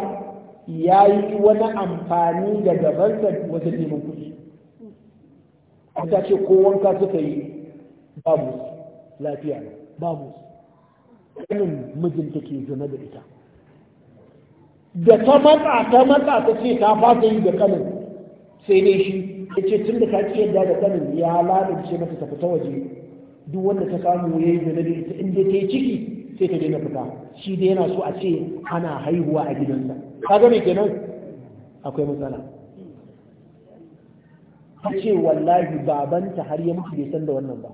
ya yi wani amfani da gabansa wata neman kuɗi ta ce ko wanka suka yi babu lafiya babu kanin mijinta ke zana da ita da ta matsa ta matsa ta ce ta fata yi da kanin sai dai shi ya ce tun da ta ce yadda da kanin ya lalace mata ta fita waje duk wanda ta samu ya yi zanari ita inda ta yi ciki sai ta daina fita shi dai yana so a ce ana haihuwa a gidansa ka ga mai kenan akwai matsala ta ce wallahi babanta har ya mutu bai san da wannan ba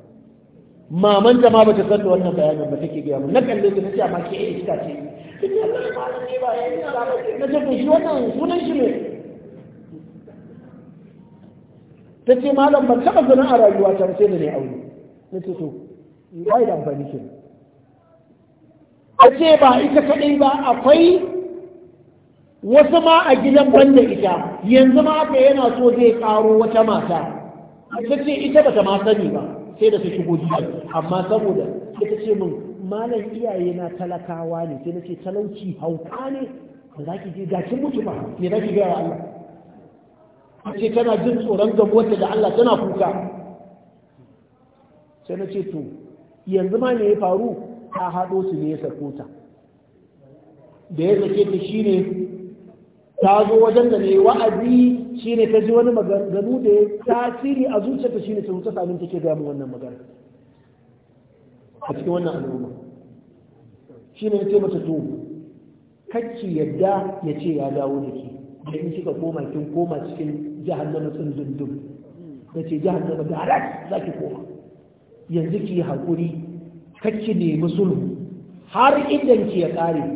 mamanta ma bata san da wannan bayanin ba take gaya mu na kalle ta ce amma ke iska ce na ce sunan shi ne ta ce malam ban taɓa ganin a rayuwa ta sai da ne aure na ce to ba da amfani ke a ce ba ita kaɗai ba akwai wasu ma a gidan banda ita yanzu ma aka yana so zai ƙaro wata mata ta ce ita ba ta ma sani ba sai da su shigo jiya amma saboda ita ce min malam iyaye na talakawa ne sai na ce talauci hauka ne ba za ki je gashin mutu ba me za ki ga wa Allah a ce tana jin tsoron gabuwarta da Allah tana kuka sai na ce to yanzu ma ne ya faru ta haɗo su ne ya sako ta da ya sake ta shi ne ta zo wajen da ne wa'azi shi ne ta ji wani maganganu da ya tasiri a zuciyarta shi ne ta wuce samun take ga mu wannan magana a cikin wannan al'umma shi ne ce mata to kacce yadda ya ce ya dawo da ke da in kika koma kin koma cikin jahannama sun dundum da ce jahannama da halat za ki koma yanzu ki yi haƙuri kacce nemi sulhu har idan ki ya ƙare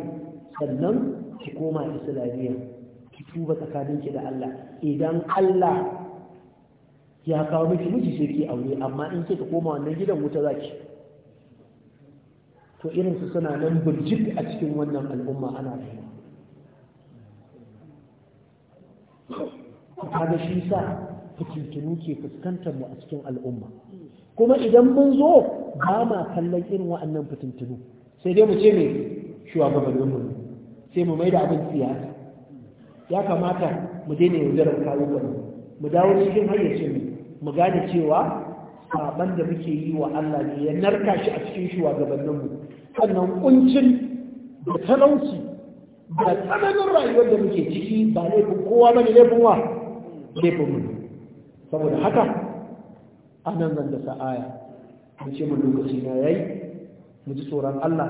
sannan ki koma islamiyya ki tuba ki da Allah idan Allah ya kawo miki miji sai ki aure amma in kika koma wannan gidan wuta za ki. to irinsu suna nan burjik a cikin wannan al'umma ana rayuwa da shi sa fitintunu ke fuskantar mu a cikin al'umma kuma idan mun zo ba ma kallon irin wa'annan fitintunu sai dai mu ce ne shugabannin mu sai mu mai da abin siyasa ya kamata mu daina yaudarar kawo mu mu dawo cikin hayyace mu mu gane cewa saban da muke yi wa Allah ne ya narka shi a cikin shugabannin mu sannan kuncin da talauci da tsananin rayuwar da muke ciki ba laifin kowa ne laifin wa laifin mu saboda haka anan nan da sa'aya mu ce mu lokaci na yayi mu ji tsoron Allah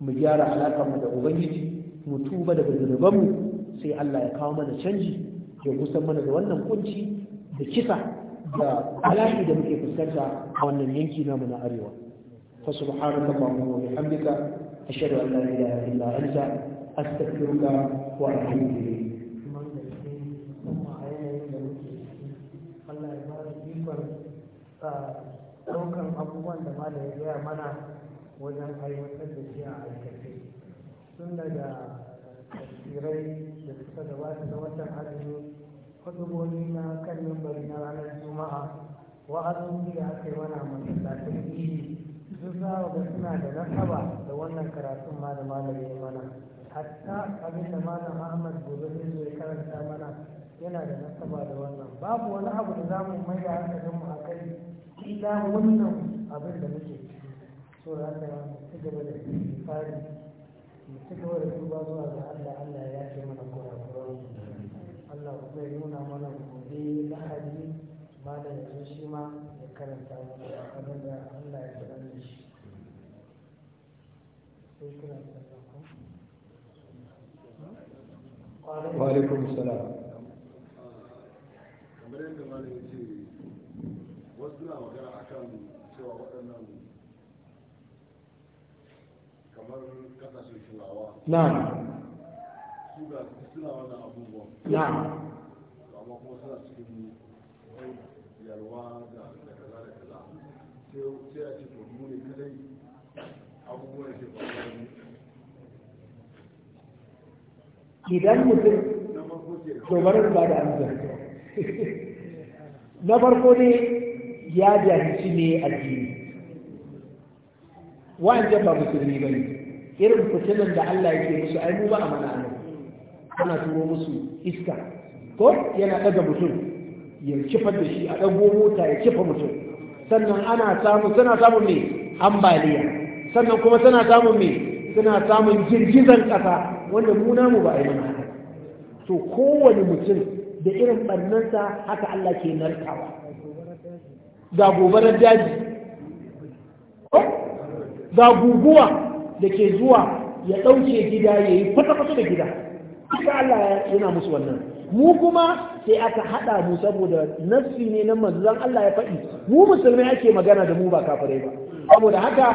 mu gyara alaƙar mu da ubangiji mu tuba daga mu sai Allah ya kawo mana canji ya kusan mana da wannan kunci da kisa da alaƙi da muke fuskanta a wannan yanki namu na arewa فسبحانك اللهم وبحمدك أشهد أن لا إله إلا أنت أستغفرك وأتوب ɗaukan abubuwan da malam ya gaya mana wajen aiwatar da shi a aikace tun daga tasirai da suka gabata na watan azumi hudubobi na kan mimbari na ranar juma'a wa'azobi da aka yi mana masallatin iri sun saba da suna da nasaba da wannan karatun ma da malami mana hatta abin da malam ahmad gobe sun zai karanta mana yana da nasaba da wannan babu wani abu da za mu mai da hankalinmu a kai illa wannan abin da muke ciki so da haka mu ci gaba da fari mu ci gaba da duba zuwa ga Allah Allah ya ce mana kurakuran Allah ku zai nuna mana gobe lahadi malam ya zo shi ma ya karanta mana abin da wa salam kamar yadda malam ya ce wasu na magana akan cewa waɗannan kamar kasashen turawa na'am su ga suna wannan abubuwa. Na. amma kuma suna cikin yalwa da kaza da kaza sai a ce idan mutum domin ba da amsa na farko ne ya jahilci ne a jini wa'ancan ba musulmi ba ne irin fitinan da Allah yake musu ainihu ba a mana nan ana turo musu iska ko yana ɗaga mutum ya kifar da shi a ɗago mota ya kifa mutum sannan ana samun suna samun ne ambaliya sannan kuma suna samun ne suna samun girgizan ƙasa wanda mu namu ba a yi mana haka to kowane mutum da irin barnansa haka Allah ke narkawa ga gobarar daji ga guguwa da ke zuwa ya ɗauke gida ya yi fata kwata da gida haka Allah yana musu wannan mu kuma sai aka haɗa mu saboda nassi ne na manzon Allah ya faɗi mu musulmai ake magana da mu ba kafirai ba saboda haka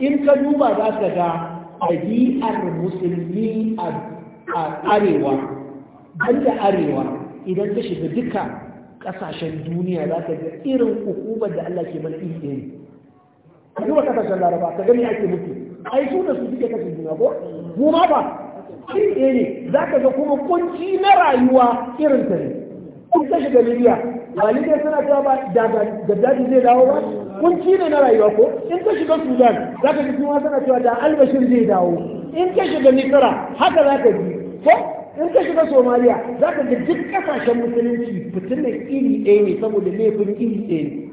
in ka duba za ka ga ɗabi'ar musulmi a arewa banda arewa idan ta shiga duka ƙasashen duniya za ka ga irin hukumar da Allah ke mana iri ɗaya ka duba ƙasashen laraba ka gani ake mutu ai su da su suke kashe juna ko mu ma ba iri ne za ka ga kuma kunci na rayuwa irin ta ne kun ta shiga libya ba libya suna ta ba da dadi zai dawo ba kunci ne na rayuwa ko in ka shiga sudan za ka ji kuma sana cewa da albashir zai dawo in ka shiga misira haka za ka ji ko in ka shiga somaliya za ka ji duk kasashen musulunci fitilar iri ɗaya ne saboda laifin iri ɗaya ne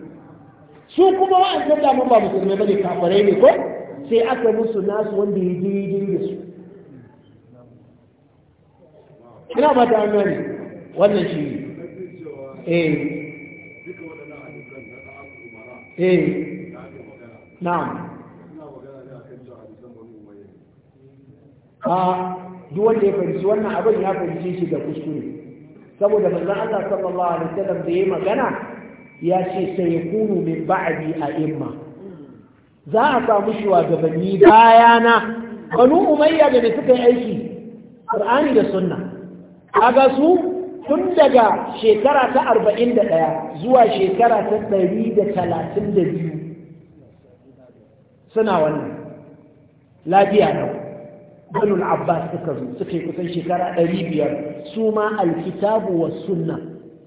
su kuma wa'ancan damar ba musulmai ba ne kafarai ne ko sai aka musu nasu wanda ya yi da su ina ba ta hannu ne wannan shi ne eh. eh na'am a ah, duk wanda ya fahimci wannan abin ya fahimci shi da kuskure saboda manzon Allah sallallahu alaihi wasallam da yayi magana ya ce sai kunu min ba'di a imma za a samu shugabanni bayana banu umayya da suka yi aiki qur'ani da sunna kaga su tun daga shekara ta arba'in da ɗaya zuwa shekara ta ɗari da talatin da biyu suna wannan lafiya nau banul abbas suka zo suka yi kusan shekara ɗari biyar su ma alkitabu wa sunna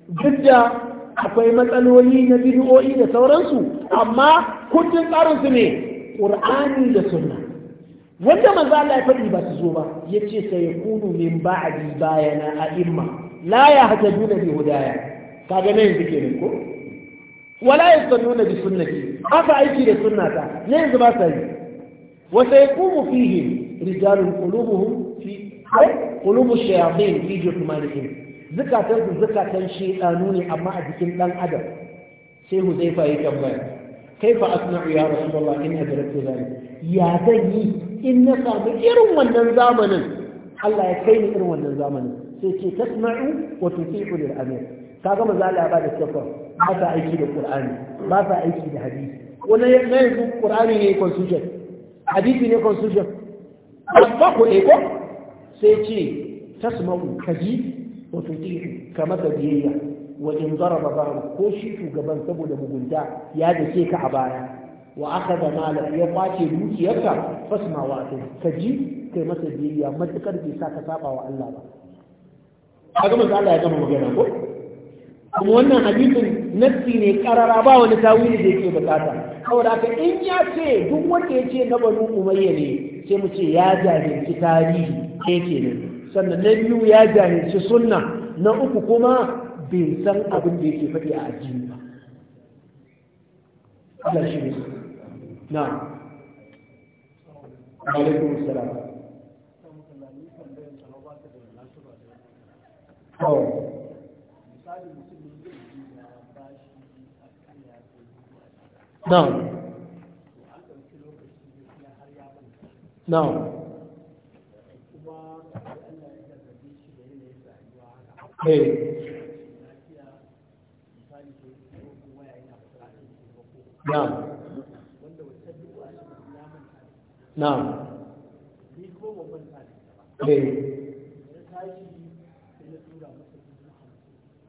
duk da akwai matsaloli na bidiyoyi da sauransu amma kundin tsarinsu ne ƙur'ani da sunna wanda maza Allah ya faɗi ba su zo ba yace sai kunu min ba'di bayana a a'imma la ya hajjaduna bi hudaya kaga ne yanzu kenan ko wala yasalluna bi sunnati aka aiki da sunnata ne yanzu ba sa yi wa sayqumu fihi rijalun qulubuhum fi qulubu shayatin fi jumanihim zakatan zakatan shaytanu ne amma a jikin dan adam sai huzaifa ya tambaya kaifa asna'u ya rasulullah in adraktu zalik ya zan in na irin wannan zamanin Allah ya kai ni irin wannan zamanin sai ce tasma'u wa tuti'u lil amir kaga manzo Allah ba da sakon ba sa aiki da Qur'ani ba sa aiki da hadisi wannan ne yanzu Qur'ani ne constitution hadisi ne constitution ba ku ne ko sai ce tasma'u ji wa tuti'u Ka da biyayya wa in daraba darab ko shi shugaban saboda mugunta ya dace ka a baya wa akhadha malak ya kwace dukiyarka fasma wa ka ji kai masa biyayya matukar bai sa ka saba wa Allah ba kaga manzo Allah ya gama magana ko kuma wannan hadisin nassi ne karara ba wani tawili da yake bukata saboda haka in ya ce duk wanda ya ce na banu umayya ne sai mu ce ya jahilci tarihi ne kenan sannan na biyu ya jahilci sunna na uku kuma bai san abin da yake faɗi a addini ba Allah shi ne na alaikum salam Na'am. Na'am. Hey. Na'am. Na'am. Hey.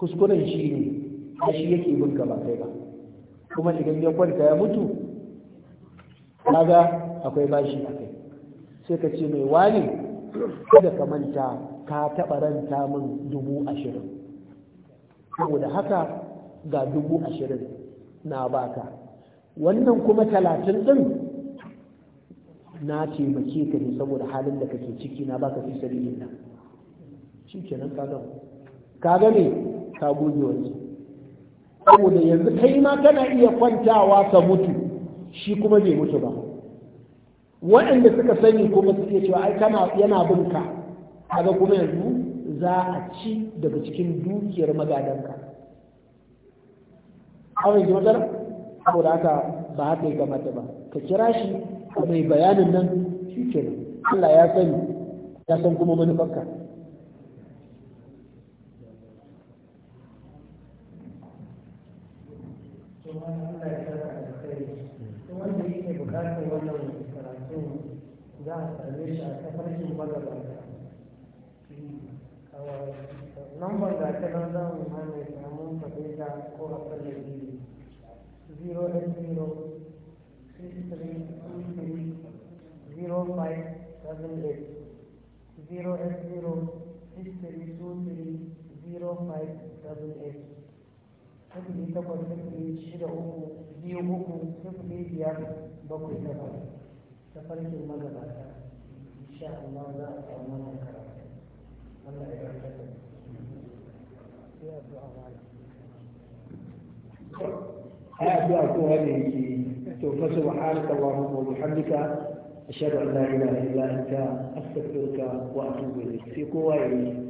kuskuren shi ne da shi yake bin gaba kai ba kuma idan ya kwanta ya mutu kaga akwai bashi a kai sai ka ce mai wani kada ka manta ka taɓa ranta min dubu ashirin saboda haka ga dubu ashirin na baka wannan kuma talatin ɗin na taimake ka ne saboda halin da kake ciki na baka fi sabilin nan shi kenan kaga kaga ne ka goge wancan saboda yanzu kai ma kana iya kwantawa ka mutu shi kuma bai mutu ba waɗanda suka sani kuma suke cewa ai kana yana bin ka kaga kuma yanzu za a ci daga cikin dukiyar magadanka abin ji matsala saboda haka ba haka ya kamata ba ka kira shi mai bayanin nan shi kenan Allah ya sani ya san kuma manufarka kuma Allah ya saka da kai to wanda yake bukatar wannan karatu za a same shi a tafarkin magabata lambar da ta nan za mu hana samun fadila ko a tsalle biyu 080 0578 080 6323 0578 sifili takwas sifili shida uku biyu uku sifili biyar bakwai takwas ta farkin magabata insha Allah za a samu wannan karatu Allah ya karkata sai addu'a malam ai addu'a ko wanda yake to fa subhanaka allahumma wa bihamdika ashhadu an la ilaha illa anta astaghfiruka wa kowa yayi